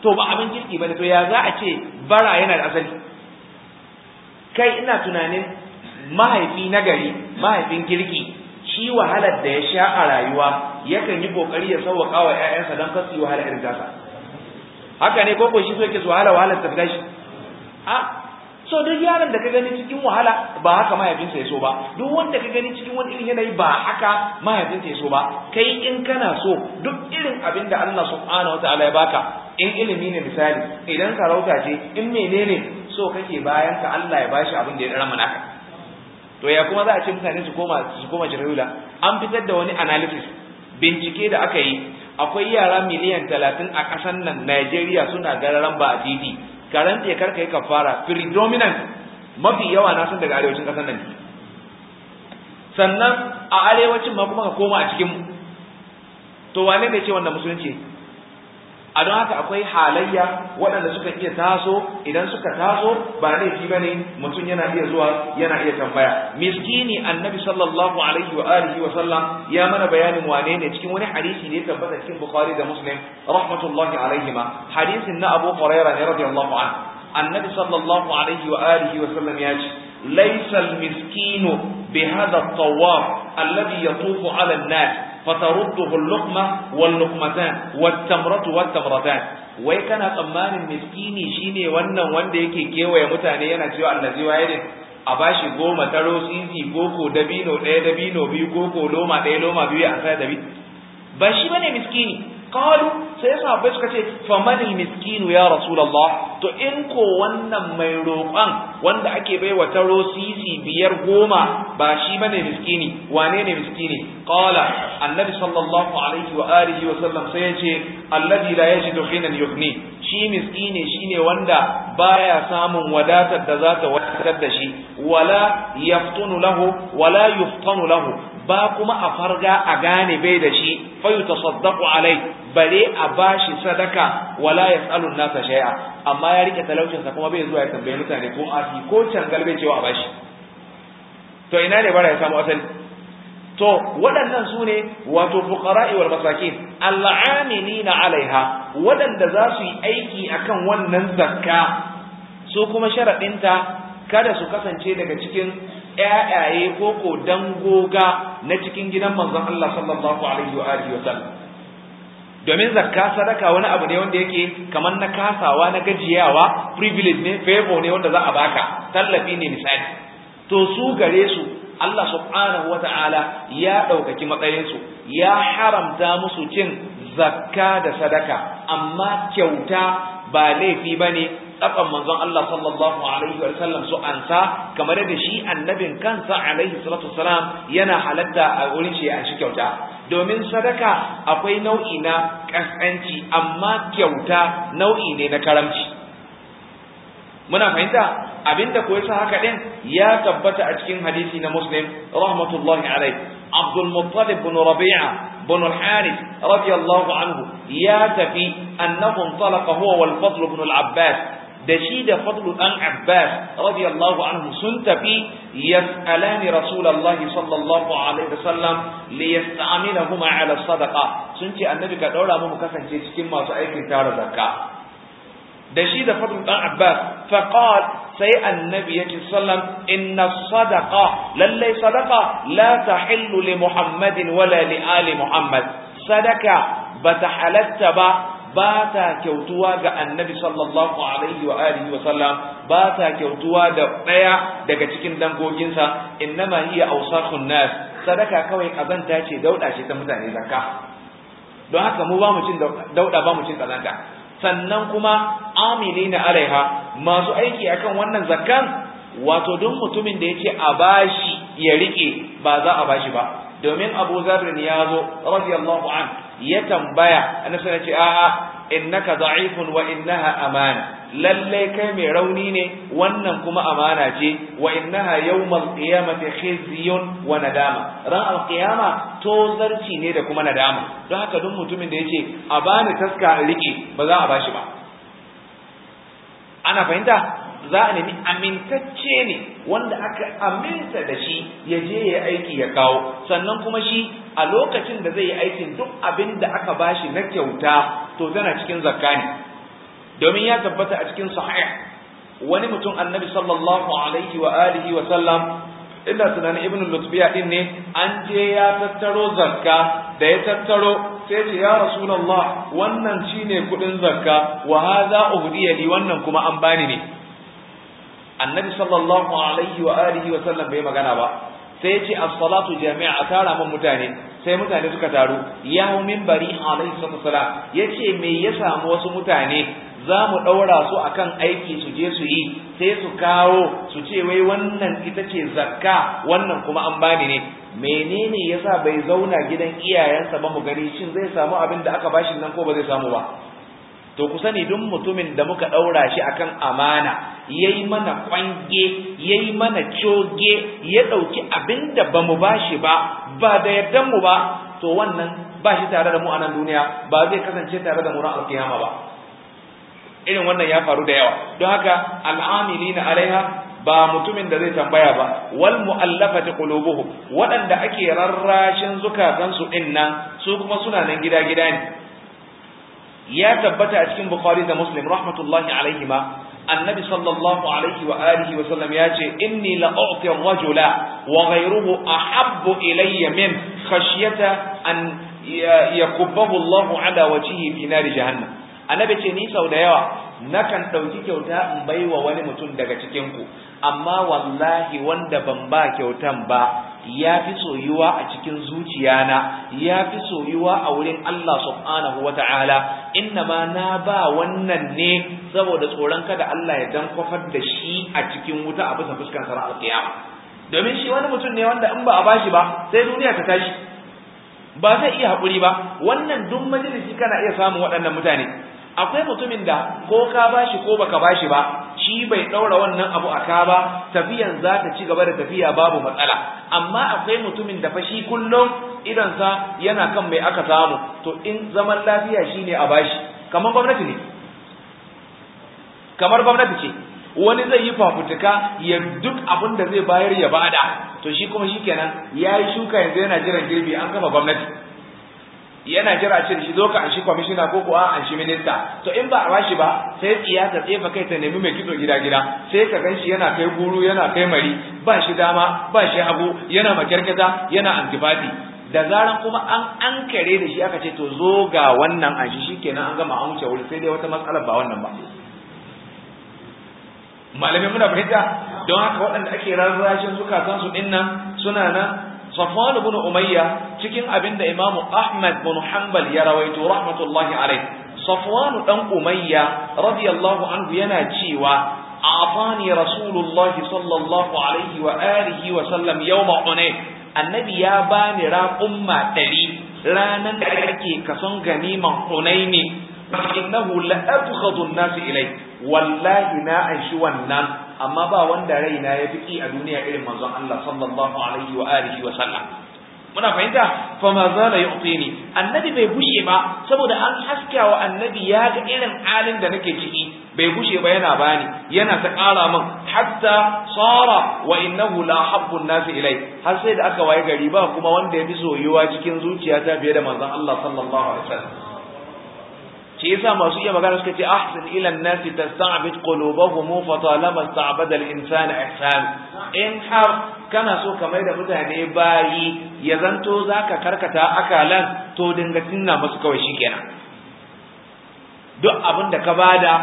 to ba abin kirki bane to ya za a ce bara yana da asali kai ina tunanin mahaifi na gari mahaifin kirki shi wahalar da ya sha a rayuwa yakan yi kokari ya sauwaka wa ƴaƴansa don kasu wahala irin haka ne ko ko shi so yake wahala wahalar ta gashi a ah, so duk yaron da ka gani cikin wahala ba haka mahaifinsa ya so ba duk wanda ka gani cikin wani irin yanayi ba haka mahaifinsa ya so ba kai in kana so duk irin abin da Allah subhanahu wataala ya baka in ilimi ne misali idan sarauta ce in menene so kake bayan ka Allah ya bashi abin da ya dara naka to ya kuma za a ce mutane su koma su koma an fitar da wani analysis bincike da aka yi akwai yara miliyan talatin a ƙasar nan Najeriya suna gararan ba a titi ka kar ka yi kafara predominant mafi yawa na san daga arewacin ƙasar nan sannan a arewacin ma kuma ka koma a cikin to wane ne ce wannan musulunci a don haka akwai halayya waɗanda suka iya taso idan suka taso ba laifi ba ne mutum yana iya zuwa yana iya tambaya miskini annabi sallallahu alaihi wa alihi wa sallam ya mana bayanin wane ne cikin wani hadisi ne tabbata cikin bukhari da muslim rahmatullahi alaihima hadisin na abu huraira ne radiyallahu anhu annabi sallallahu alaihi wa alihi wa sallam ya ce laysa al-miskinu bi hadha at-tawwab alladhi yatufu ala an-nas fatarudduhu al-luqma wal luqmatan wai kana tsammanin miskini shine wannan wanda yake kewaye mutane yana cewa allazi wahidin a bashi goma taro tsitsi koko dabino ɗaya dabino biyu koko loma ɗaya loma biyu a sa dabi ba shi bane miskini Kalu sai sahabbai suka ce famanil miskinu ya rasulullah to in ko wannan mai roƙon wanda ake baiwa taro sisi biyar goma ba shi bane miskini wane ne miskini qala annabi sallallahu alaihi wa alihi wa sallam sai ce alladhi la yajidu hina yughni shi miskini shine wanda baya samun wadatar da za ta wadatar da shi wala yaftunu lahu wala yuftanu lahu ba kuma a farga a gane bai da shi fa yutasaddaqu alai bare a bashi sadaka wala ya yasalun nasa shay'a amma ya rike talaucinsa kuma bai zuwa ya tambaye mutane ko afi ko cangal bai cewa a bashi to ina ne bara ya samu asali to waɗannan su ne wato fuqara'i wal masakin na alaiha waɗanda za su yi aiki akan wannan zakka su kuma sharaɗinta kada su kasance daga cikin 'ya'yaye ko ko dangoga na cikin gidan manzon Allah sallallahu alaihi wa alihi wa sallam domin zakka sadaka wani abu ne wanda yake kamar na kasawa na gajiyawa privilege ne favor ne wanda za a baka tallafi ne misali to su gare su Allah subhanahu wata'ala ya ɗaukaki matsayinsu ya haramta musu cin zakka da sadaka amma kyauta ba laifi ba ne tsafan manzon Allah sallallahu alaihi wa sallam su ansa kamar da shi annabin kansa alaihi salatu wasalam yana halatta a wurin shi an shi kyauta domin sadaka akwai nau'i na kaskanci amma kyauta nau'i ne na karamci muna fahimta abinda ko yasa haka din ya tabbata a cikin hadisi na muslim rahmatullahi alaihi abdul muttalib bin rabi'a bin al-harith radiyallahu anhu ya tafi annahu talaqa huwa wal fadl bin al-abbas دشيد فضل أن عباس رضي الله عنه سنت بي يسألان رسول الله صلى الله عليه وسلم ليستعملهما على الصدقة سنت النبي كدولة ممكسا تشكما تأيك تار زكاة دشيد فضل أن عباس فقال سيء النبي صلى الله عليه وسلم إن الصدقة للي صدقة لا تحل لمحمد ولا لآل محمد صدقة بتحلت تبا ba kyautuwa ga annabi sallallahu alaihi wa alihi wa sallam ba kyautuwa da ɗaya daga cikin dangoginsa innama hiya awsakhun nas sadaka kawai kazanta ce dauda ce ta mutane zakka don haka mu ba mu cin dauda ba mu cin kazanta sannan kuma amilina alaiha masu aiki akan wannan zakkan wato duk mutumin da yace a bashi ya rike ba za a bashi ba domin Abu Dharr ya zo radiyallahu an ya tambaya annabi ya ce a'a innaka da'ifun wa innaha amana lalle kai mai rauni ne wannan kuma amana ce wa innaha yawmal qiyamati khizyun wa nadama ran alqiyama to zarci ne da kuma nadama don haka duk mutumin da yace a bani taska rike ba za a bashi ba ana fahimta za a nemi amintacce ne wanda aka aminta da shi ya je ya aiki ya kawo sannan kuma shi a lokacin da zai yi aikin duk abin da aka bashi na kyauta to tana cikin zakka ne domin ya tabbata a cikin sahih wani mutum annabi sallallahu alaihi wa alihi wa sallam illa tunanin ibn lutbiya din ne an je ya tattaro zakka da ya tattaro sai ce ya rasulullah wannan shine kudin zakka wa hadha uhdiya li wannan kuma an bani ne annabi sallallahu alaihi wa alihi wa sallam bai magana ba sai ya ce as-salatu jami'a a tara mun mutane sai mutane suka taru ya hau minbari alaihi sallam ya ce me ya samu wasu mutane za mu ɗaura su akan aiki su je su yi sai su kawo su ce wai wannan ita ce zakka wannan kuma an bani ne menene yasa bai zauna gidan iyayensa ba mu gari shin zai samu abin da aka bashi nan ko ba zai samu ba to ku sani duk mutumin da muka ɗaura shi akan amana yayi mana kwange yayi mana coge ya ɗauki abinda bamu bashi ba ba da yardan mu ba to wannan ba shi tare da mu a nan duniya ba zai kasance tare da mu ran alkiyama ba irin wannan ya faru da yawa don haka na alaiha ba mutumin da zai tambaya ba wal mu'allafati qulubuhu waɗanda ake rarrashin zukatansu din nan su kuma suna nan gida gida ne ya tabbata a cikin bukhari da muslim rahmatullahi alaihima annabi sallallahu alaihi wa alihi wa sallam ya ce inni la u'ti rajula wa ghayruhu ahabbu ilayya min khashyata an yakubbahu Allahu ala wajhihi fi nar jahannam annabi ce ni sau da yawa nakan dauki kyauta in baiwa wani mutum daga cikin ku amma wallahi wanda ban ba kyautan ba ya fi soyuwa a cikin zuciyana ya fi soyuwa a wurin Allah subhanahu wa ta'ala inna ma na ba wannan ne saboda tsoron kada Allah ya dan kwafar da shi a cikin wuta a bisa fuskar sa alƙiyama domin shi wani mutum ne wanda in ba a bashi ba sai duniya ta tashi ba zai iya haƙuri ba wannan duk majalisi kana iya samun waɗannan mutane akwai mutumin da ko ka bashi ko baka bashi ba shi bai ɗaura wannan abu a ka ba tafiyan za ta ci gaba da tafiya babu matsala amma akwai mutumin da fashi kullum idan sa yana kan mai aka samu to in zaman lafiya shine a bashi kamar gwamnati ne kamar gwamnati ce wani zai yi fafutuka ya duk abin da zai bayar ya bada to shi kuma shikenan ya yi shuka yanzu yana jiran girbi an kafa gwamnati yana jira ce shi zo ka an shi kwamishina ko kuwa an shi minista to in ba a bashi ba sai tsiya tsefa kai ta nemi mai kitso gida gida sai ka gan shi yana kai guru yana kai mari ba shi dama ba shi hagu yana makyarkata yana antibati da zaran kuma an an da shi aka ce to zo ga wannan an shi kenan an gama an wuce wuri sai dai wata matsalar ba wannan ba malamai muna fahimta don haka waɗanda ake rarrashin zukatansu ɗin nan suna nan Safwanu ibn Umayya cikin abinda da Imam Ahmad bin Hanbal ya rawaito rahmatullahi alaih Safwanu dan Umayya radiyallahu anhu yana cewa afani Rasulullahi sallallahu alaihi wa wa sallam yawma Hunain annabi ya bani raƙumma ɗari ranan da ake kason ganiman Hunaini innahu la abghadu an-nas ilai wallahi na anshi wannan amma ba wanda raina ya ki a duniya irin manzon Allah sallallahu alaihi wa alihi wa sallam muna fahimta fa ma zala yu'tini annabi bai bushe ba saboda an haska wa annabi ya ga irin halin da nake ciki bai bushe ba yana bani yana ta ƙara min hatta sara wa innahu la habbun nasi ilai har sai da aka waye gari ba kuma wanda ya fi soyuwa cikin zuciyata fiye da manzon Allah sallallahu alaihi sallam. shi yasa masu iya magana suka ce ahsin ila an-nas tasta'bid qulubahum fa talama ista'bada al-insana ihsan in har kana so ka mai da mutane bayi ya zanto zaka karkata akalan to dinga tinna musu kawai shikenan duk abin da ka bada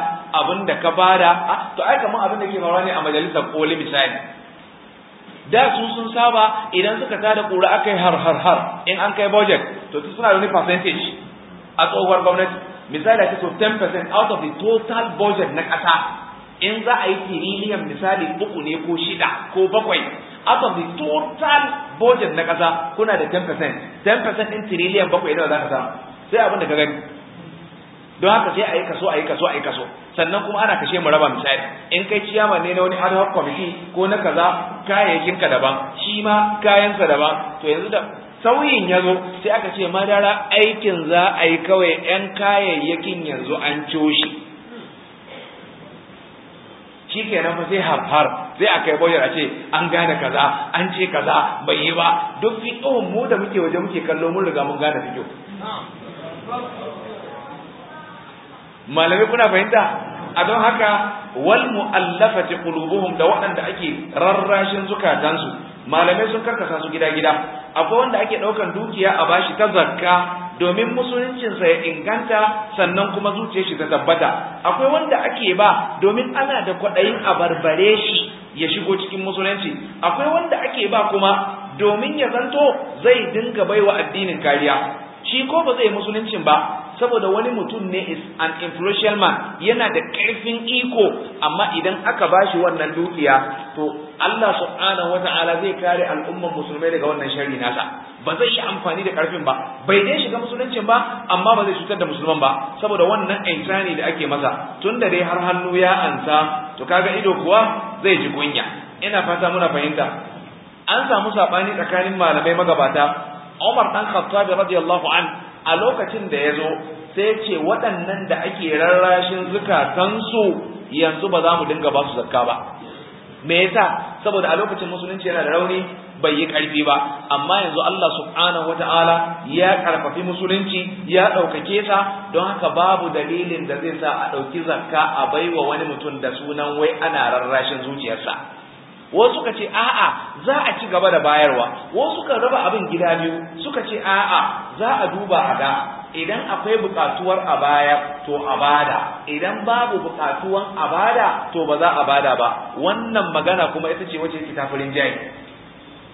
abin da ka bada ah, to ai kamar abin da ke faruwa ne a majalisar koli misali da su sun saba idan suka tada kura akai har har har in an kai budget to suna da wani percentage a tsohuwar gwamnati misali ake so 10% out of the total budget na ƙasa in za a yi tiriliyan misali uku ne ko shida ko bakwai out of the total budget na ƙasa kuna da 10% 10% din tiriliyan bakwai nawa za ka samu sai abin da ka gani don haka sai a yi kaso a yi kaso a yi kaso sannan kuma ana kashe mu raba misali in kai ciyaman ne na wani ad hoc committee ko na kaza kayayyakin ka daban shi ma kayansa daban to yanzu da sauyin ya zo sai aka ce madara aikin za a yi kawai 'yan kayayyakin yanzu an coshi shi kenan fa sai hafar sai a kai bayar a ce an gane kaza an ce kaza bai yi ba duk fiƙon mu da muke waje muke kallo mun riga mun gane fito Malami kuna fahimta a don haka wal allafa qulubuhum da waɗanda ake rarrashin zukatansu malamai sun karkasa su gida-gida akwai wanda ake ɗaukan dukiya a bashi ta zakka domin musuluncinsa ya inganta sannan kuma zuciyar shi ta tabbata akwai wanda ake ba domin ana da kwaɗayin a barbare shi ya shigo cikin musulunci akwai wanda ake ba kuma domin ya zanto zai dinga baiwa addinin kariya shi ko ba zai musuluncin ba saboda wani mutum ne is an influential man yana da karfin iko amma idan aka bashi wannan dukiya to Allah subhanahu wata'ala zai kare al'umman musulmai daga wannan sharri nasa ba zai yi amfani da ƙarfin ba bai dai shiga musuluncin ba amma ba zai cutar da musulman ba saboda wannan ne da ake masa tun da dai har hannu ya ansa to kaga ido kuwa zai ji kunya ina fata muna fahimta an samu sabani tsakanin malamai magabata Umar dan Khattab radiyallahu an a lokacin da ya zo sai ce waɗannan da ake rarrashin su yanzu ba za mu dinga ba su zakka ba me yasa saboda a lokacin musulunci yana da rauni bai yi karfi ba amma yanzu Allah subhanahu wata'ala ya karfafi musulunci ya ɗaukake sa don haka babu dalilin da zai sa a ɗauki zakka a baiwa wani mutum da sunan wai ana rarrashin zuciyarsa wasu suka ce a'a za a ci gaba da bayarwa wasu suka raba abin gida biyu suka ce a'a za a duba a ga idan akwai bukatuwar a baya to a bada idan babu bukatuwan a bada to ba za a bada ba wannan magana kuma ita ce wace ita ta jayi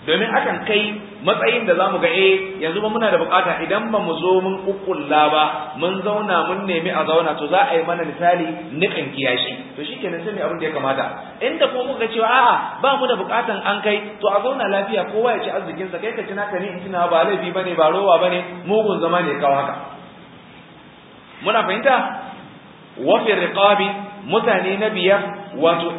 domin hakan kai matsayin da zamu ga eh yanzu ba muna da bukata idan ba mu zo mun kukkulla ba mun zauna mun nemi a zauna to za a yi mana misali nikan kiyashi to shikenan sai mai abin da ya kamata inda ko muka cewa a'a ba mu da bukatan an kai to a zauna lafiya kowa ya ci arzikin sa kai ka ci naka ne in tuna ba laifi bane ba rowa bane mugun zama ne kawo haka muna fahimta wa fi mutane na biyar wato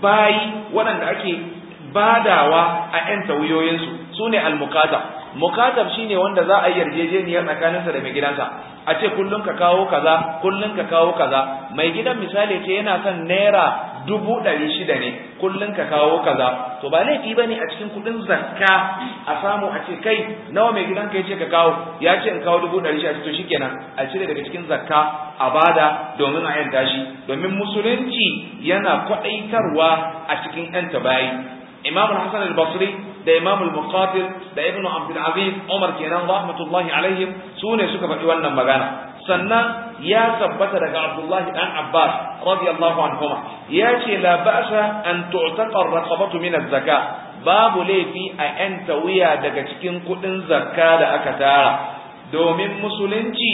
bayi waɗanda ake badawa a ƴan tawuyoyinsu su ne almukatab mukatab shine wanda za a yi yarjejeniya tsakaninsa da mai gidansa a ce kullum ka kawo kaza kullum ka kawo kaza mai gidan misali ce yana son naira dubu ɗari shida ne kullum ka kawo kaza to ba laifi ba ne a cikin kuɗin zakka a samu a ce kai nawa mai gidanka ya ce ka kawo ya ce in kawo dubu ɗari shida to shikenan a cire daga cikin zakka a bada domin a yanta shi domin musulunci yana kwaɗaitarwa a cikin yanta bayi imam al-hasan al-basri da imam al-muqatil da ibnu abdul aziz umar kenan rahmatullahi alaihim su ne suka faɗi wannan magana sannan ya tabbata daga abdullah Ɗan abbas radiyallahu anhuma ya ce la ba'sa an tu'taqa ar-raqabatu min az-zaka babu laifi a yan tawiya daga cikin kudin zakka da aka tara domin musulunci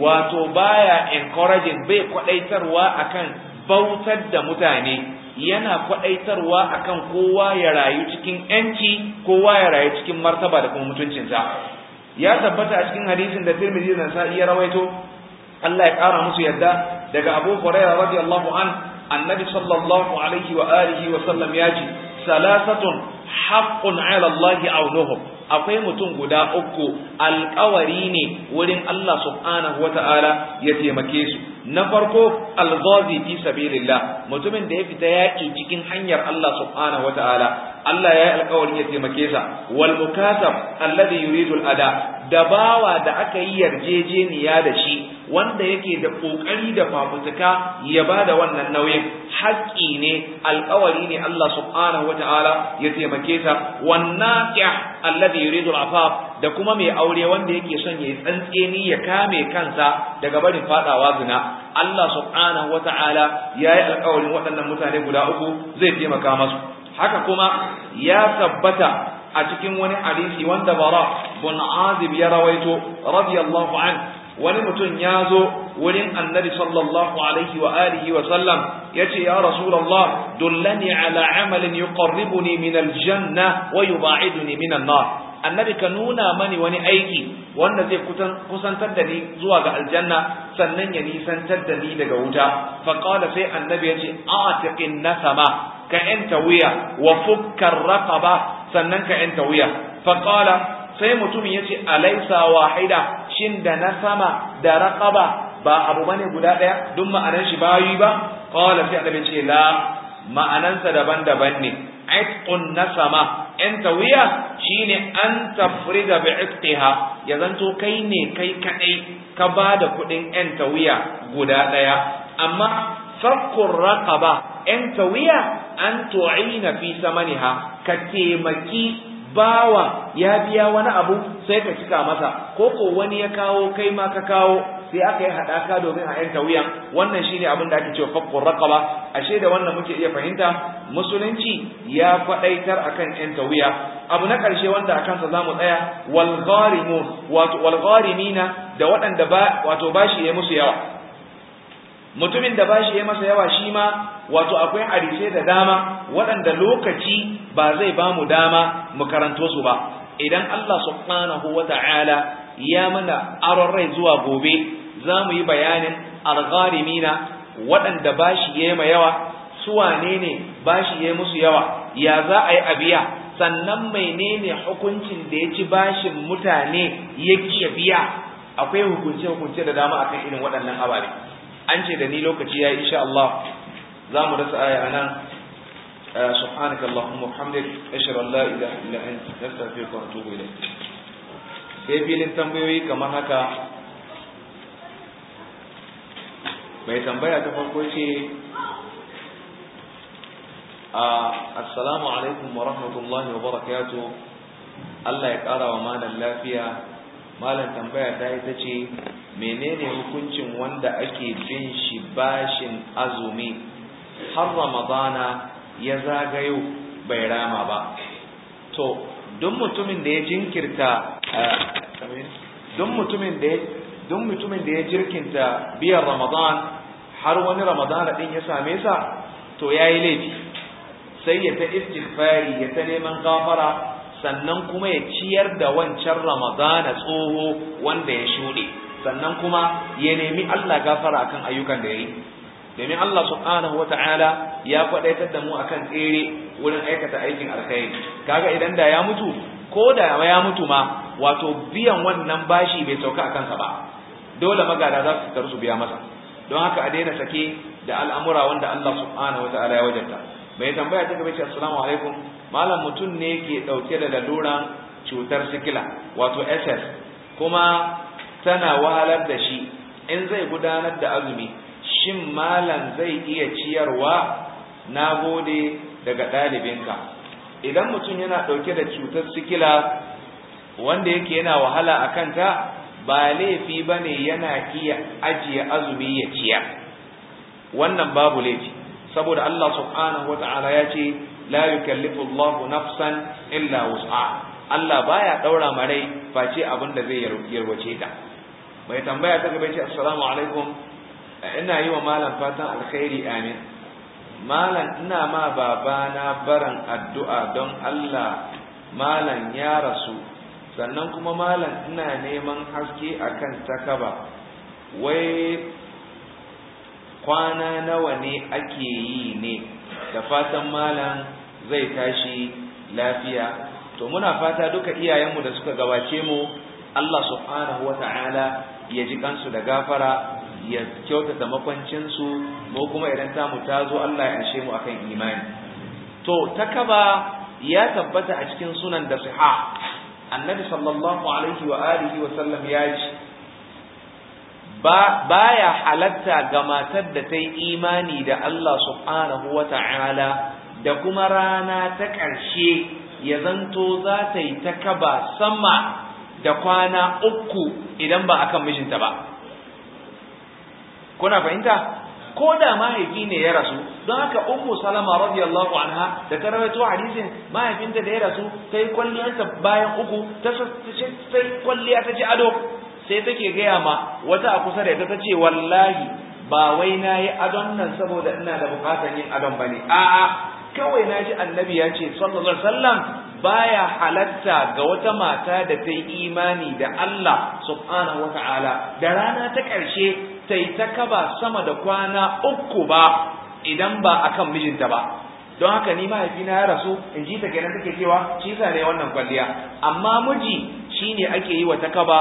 wato baya encouraging bai kwadaitarwa akan bautar da mutane yana kwaɗaitarwa akan kowa ya rayu cikin ‘yanci kowa ya rayu cikin martaba da kuma mutuncinsa ya tabbata a cikin hadisin da tirmidhi da sa'i ya rawaito Allah ya ƙara musu yadda daga Abu Hurairah radiyallahu an annabi sallallahu alaihi wa alihi wa sallam ya ce salasatun haqqun ala Allah aunuhum akwai mutum guda uku alƙawari ne wurin Allah subhanahu wa ta'ala ya taimake su na farko alghazi fi sabilillah mutumin da ya fita yaki cikin hanyar Allah subhanahu wataala Allah ya yi alƙawarin ya taimake sa wal mukasab alladhi yuridu al ada da bawa da aka yi yarjejeniya da shi wanda yake da kokari da fafutuka ya ba da wannan nauyin haƙƙi ne alƙawari ne Allah subhanahu wataala ya taimake ta wannan ya alladhi yuridu al da kuma mai aure wanda yake son ya tsantseni ya kame kansa daga barin fadawa zina Allah subhanahu wataala yayi alƙawarin waɗannan mutane guda uku zai taimaka masu haka kuma ya tabbata a cikin wani hadisi wanda bara bin azib ya rawaito radiyallahu an wani mutum ya zo wurin annabi sallallahu alaihi wa alihi wa sallam yace ya rasulallah dullani ala amalin yuqarribuni min aljanna wa yub'iduni min an-nar annabi ka nuna mani wani aiki wanda zai kusantar da ni zuwa ga aljanna sannan ya nisantar da ni daga wuta fa qala sai annabi yace atiqin nasama ka enta wuya wa fukkar raqaba sannan ka enta wuya fa qala sai mutumin yace alaisa wahida shin da na sama da raqaba ba abu bane guda daya duk ma'anar shi bayi ba qala sai annabi ce la ma'anansa daban-daban ne itqun nasama in tawiya shine an tafrida bi itqiha ya zanto kai ne kai kadai ka ba da kuɗin ‘yan tawiya guda ɗaya, amma fakkun raƙaba ‘yan tawiya an tu'ina fi samaniha ka taimaki bawa ya biya wani abu sai ka cika masa ko ko wani ya kawo kai ma ka kawo sai aka yi hadaka domin a yanka wuya wannan shine abin da ake cewa faqqur raqaba ashe da wannan muke iya fahimta musulunci ya faɗaitar akan yanka wuya abu na ƙarshe wanda a kansa zamu tsaya wal gharimu wato wal gharimina da waɗanda ba wato bashi ya musu yawa mutumin da bashi ya masa yawa shi ma wato akwai arice da dama waɗanda lokaci ba zai ba mu dama mu karanto su ba idan Allah subhanahu wa ta'ala ya mana aron rai zuwa gobe za mu yi bayanin algharimina waɗanda bashi ya ma yawa su wane ne bashi ya musu yawa ya za a yi abiya sannan menene hukuncin da ya ci bashin mutane ya biya akwai hukunce-hukunce da dama akan irin waɗannan ababe an ce da ni lokaci ya yi insha Allah za mu rasa aya a nan سبحانك اللهم وبحمدك اشهد ان لا اله الا انت نستغفرك ونتوب اليك sai filin tambayoyi kamar haka mai tambaya ta farko ce a ah, assalamu alaikum wa rahmatullahi wa barakatuh Allah ya kara wa malam lafiya malam tambaya ta ita ce menene hukuncin wanda ake bin shi bashin azumi har ramadana ya zagayo bai rama ba to don mutumin da ya jinkirta eh, don mutumin da ya jirkinta biyan ramadan har wani ramadana din ya same sa to ya yi laifi sai ya ta istighfari ya ta neman gafara sannan kuma ya ciyar da wancan ramadana tsoho wanda ya shuɗe sannan kuma ya nemi Allah gafara akan ayyukan da ya yi domin Allah subhanahu wata'ala ya faɗaitar da mu akan tsere wurin aikata aikin alkhairi kaga idan da ya mutu ko da ya mutu ma wato biyan wannan bashi bai sauka akan sa ba dole magada za su tarsu biya masa don haka a daina sake da al'amura wanda Allah subhanahu wata'ala ya wajabta mai tambaya ta gaba ce assalamu alaikum malam mutum ne ke dauke da laluran cutar sikila wato ss kuma tana wahalar da shi in zai gudanar da azumi shin malam zai iya ciyarwa na gode daga ɗalibinka idan mutum yana dauke da cutar sikila wanda yake yana wahala a kanta ba laifi ba ne yana iya ajiye azumi ya ciya wannan babu laifi saboda Allah subhanahu wata'ala ya ce la yukallifu Allahu nafsan illa wus'a Allah baya daura marai face abin da zai yarwace ta bai tambaya ta gaba ce assalamu alaikum ina yi wa malam fatan alkhairi amin malam ina ma babana baran addu'a don Allah malam ya rasu sannan kuma malam ina neman haske akan takaba wai kwana nawa ne ake yi ne da fatan malam zai tashi lafiya to muna fata duka iyayenmu da suka gabace mu Allah subhanahu wata'ala ya ji kansu da gafara ya kyautata makwancinsu mu kuma idan tamu ta zo Allah ya anshe mu akan imani to takaba ya tabbata a cikin sunan da siha annabi sallallahu alaihi wa alihi wa sallam ya ce ba baya halatta ga matar da ta yi imani da Allah subhanahu wata'ala da kuma rana ta ƙarshe ya zanto za ta yi ta kaba sama da kwana uku idan ba akan mijinta ba kuna fahimta ko da mahaifi ne ya rasu don haka ummu salama radiyallahu anha da ta rawaito hadisin mahaifinta da ya rasu ta yi kwalliyarta bayan uku ta sai kwalliya ta ci ado sai take gaya ma wata a kusa da ita ta ce wallahi ba wai na yi adon nan saboda ina da bukatar yin adon ba ne a'a kawai na ji annabi ya ce sallallahu alaihi wasallam baya halatta ga wata mata da ta yi imani da Allah subhanahu wa ta'ala da rana ta ƙarshe ta yi ta kaba sama da kwana uku ba idan ba akan mijinta ba don haka ni mahaifina ya rasu in ji ta kenan take cewa shi sa ne wannan kwalliya amma miji ne ake yi wa takaba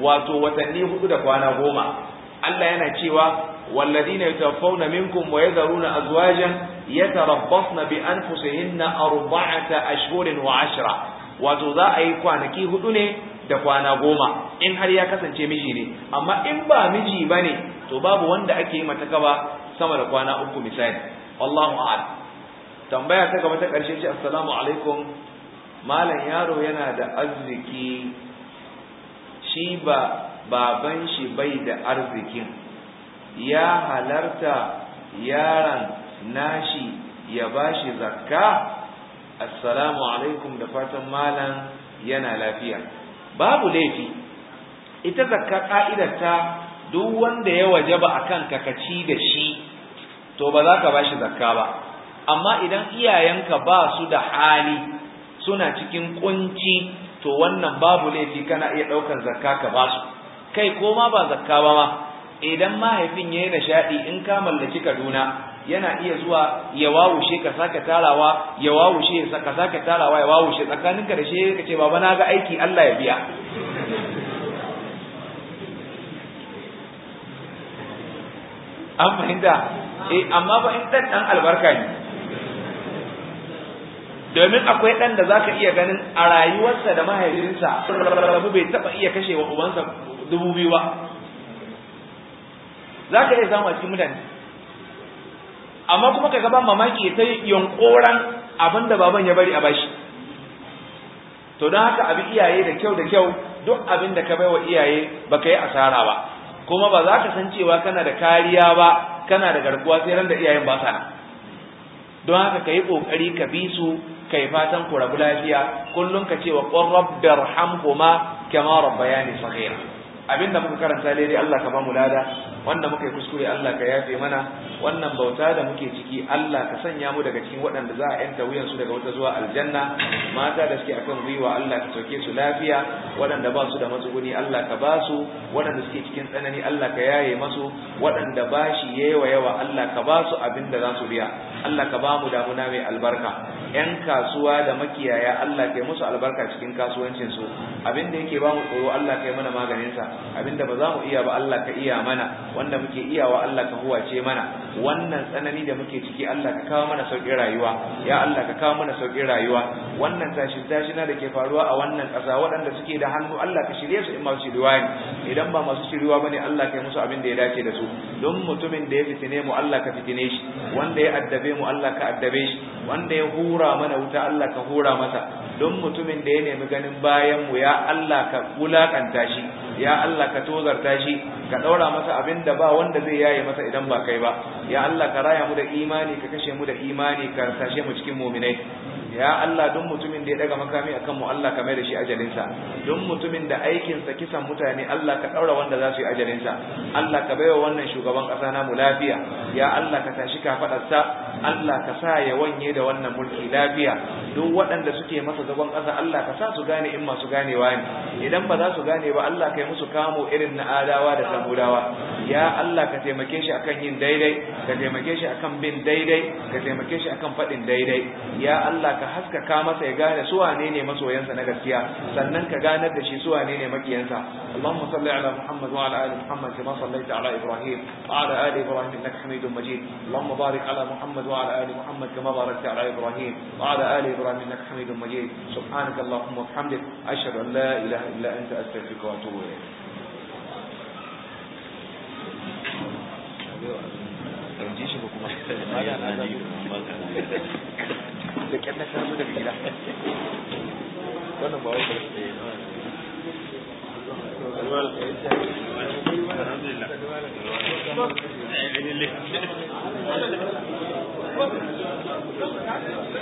wato watanni hudu da kwana goma Allah yana cewa minku, na والذين يتوفون منكم ويذرون أزواجا يتربصن بأنفسهن أربعة أشهر وعشرة وتضاء كوانكي هدني da kwana goma in har ya kasance miji ne amma in ba miji bane, to babu wanda ake yi mata sama da kwana uku misali Allahu a'ad tambaya ta gaba ta karshe ce assalamu alaikum malam yaro yana da arziki shi ba baban shi bai da arzikin ya halarta yaran nashi ya bashi zakka assalamu alaikum da fatan malam yana lafiya babu laifi ita zakka ta duk wanda ya wajaba akan kakaci da shi to ba za ka bashi zakka ba amma idan iyayenka ba su da hali suna cikin kunci to wannan babu laifi kana iya ɗaukar zakka ka ba su kai ko ma ba zakka ba ma idan mahaifin yayi nishadi in ka mallaki Kaduna yana iya zuwa ya wawushe ka saka tarawa ya wawushe ka saka tarawa ya wawushe tsakaninka da shi ka ce baba na ga aiki Allah ya biya an fahimta eh amma ba in dan dan albarka ne domin akwai dan da zaka iya ganin a rayuwarsa da mahaifinsa rabu bai taba iya kashe wa ubansa dubu biyu ba za ka iya samu a cikin mutane amma kuma ka gaba mamaki sai yankoran abin da baban ya bari a bashi to don haka abin iyaye da kyau da kyau duk abin da ka bai wa iyaye ba ka yi asara ba kuma ba za ka san cewa kana da kariya ba kana da garkuwa sai ran da iyayen ba sa don haka ka yi ƙoƙari ka bi su ka yi fatan ku rabu lafiya kullum ka ce wa ƙon rabbar hamkuma kama rabbayani sahira abin da muka karanta daidai Allah ka ba mu lada wanda muka yi kuskure Allah ka yafe mana wannan bauta da muke ciki Allah ka sanya mu daga cikin waɗanda za a yanta wuyan su daga wata zuwa aljanna mata da suke akan gwiwa Allah ka sauke su lafiya waɗanda ba su da matsuguni Allah ka ba su waɗanda suke cikin tsanani Allah ka yaye masu waɗanda ba shi yawa yawa Allah ka ba su abin da za su biya Allah ka ba mu damuna mai albarka yan kasuwa da makiyaya Allah ka yi musu albarka cikin kasuwancin su abin da yake ba mu tsoro Allah ka yi mana maganin sa abin da ba za mu iya ba Allah ka iya mana wanda muke iyawa Allah ka ce mana wannan tsanani da muke ciki Allah ka kawo mana sauƙin rayuwa ya Allah ka kawo mana sauƙin rayuwa wannan tashin tashina da ke faruwa a wannan ƙasa waɗanda suke da hannu Allah ka shirye su in masu shiriwa idan ba masu shiriwa bane Allah ka yi musu abin da ya dace da su don mutumin da ya fitine mu Allah ka fitine shi wanda ya addabe mu Allah ka addabe shi wanda ya hura mana wuta Allah ka hura masa don mutumin da ya nemi ganin bayan mu ya Allah ka wulakanta shi ya Allah ka tozarta shi ka daura masa abin da ba wanda zai yaye masa idan ba kai ba ya Allah ka raya mu da imani ka kashe mu da imani ka sashe mu cikin mu'minai ya Allah duk mutumin da ya daga makami akan mu Allah ka mai da shi ajalinsa duk mutumin da aikinsa kisan mutane Allah ka daura wanda za su yi ajalinsa Allah ka baiwa wannan shugaban kasa namu lafiya ya Allah ka tashi ka Allah ka sa ya wanye da wannan mulki lafiya duk waɗanda suke masa zagon kasa Allah ka sa su gane in masu ganewa ne idan ba za su gane ba Allah ka musu kamo irin na adawa da samudawa ya Allah ka taimake shi akan yin daidai ka taimake shi akan bin daidai ka taimake shi akan faɗin daidai ya Allah ka ka haskaka masa ya gane su wane ne masoyansa na gaskiya sannan ka ganar da shi su wane ne makiyansa Allahumma salli ala Muhammad wa ala ali Muhammad kama sallaita ala Ibrahim wa ala ali Ibrahim innaka Hamidum Majid Allahumma barik ala Muhammad wa ala ali Muhammad kama barakta ala Ibrahim wa ala ali Ibrahim innaka Hamidum Majid subhanaka Allahumma wa bihamdika ashhadu an la ilaha illa anta astaghfiruka wa atubu ilayk Thank you. ji shi ba kuma magana ne da kyan na karbi daga gida wannan ba wai karbi ne Alhamdulillah. [LAUGHS]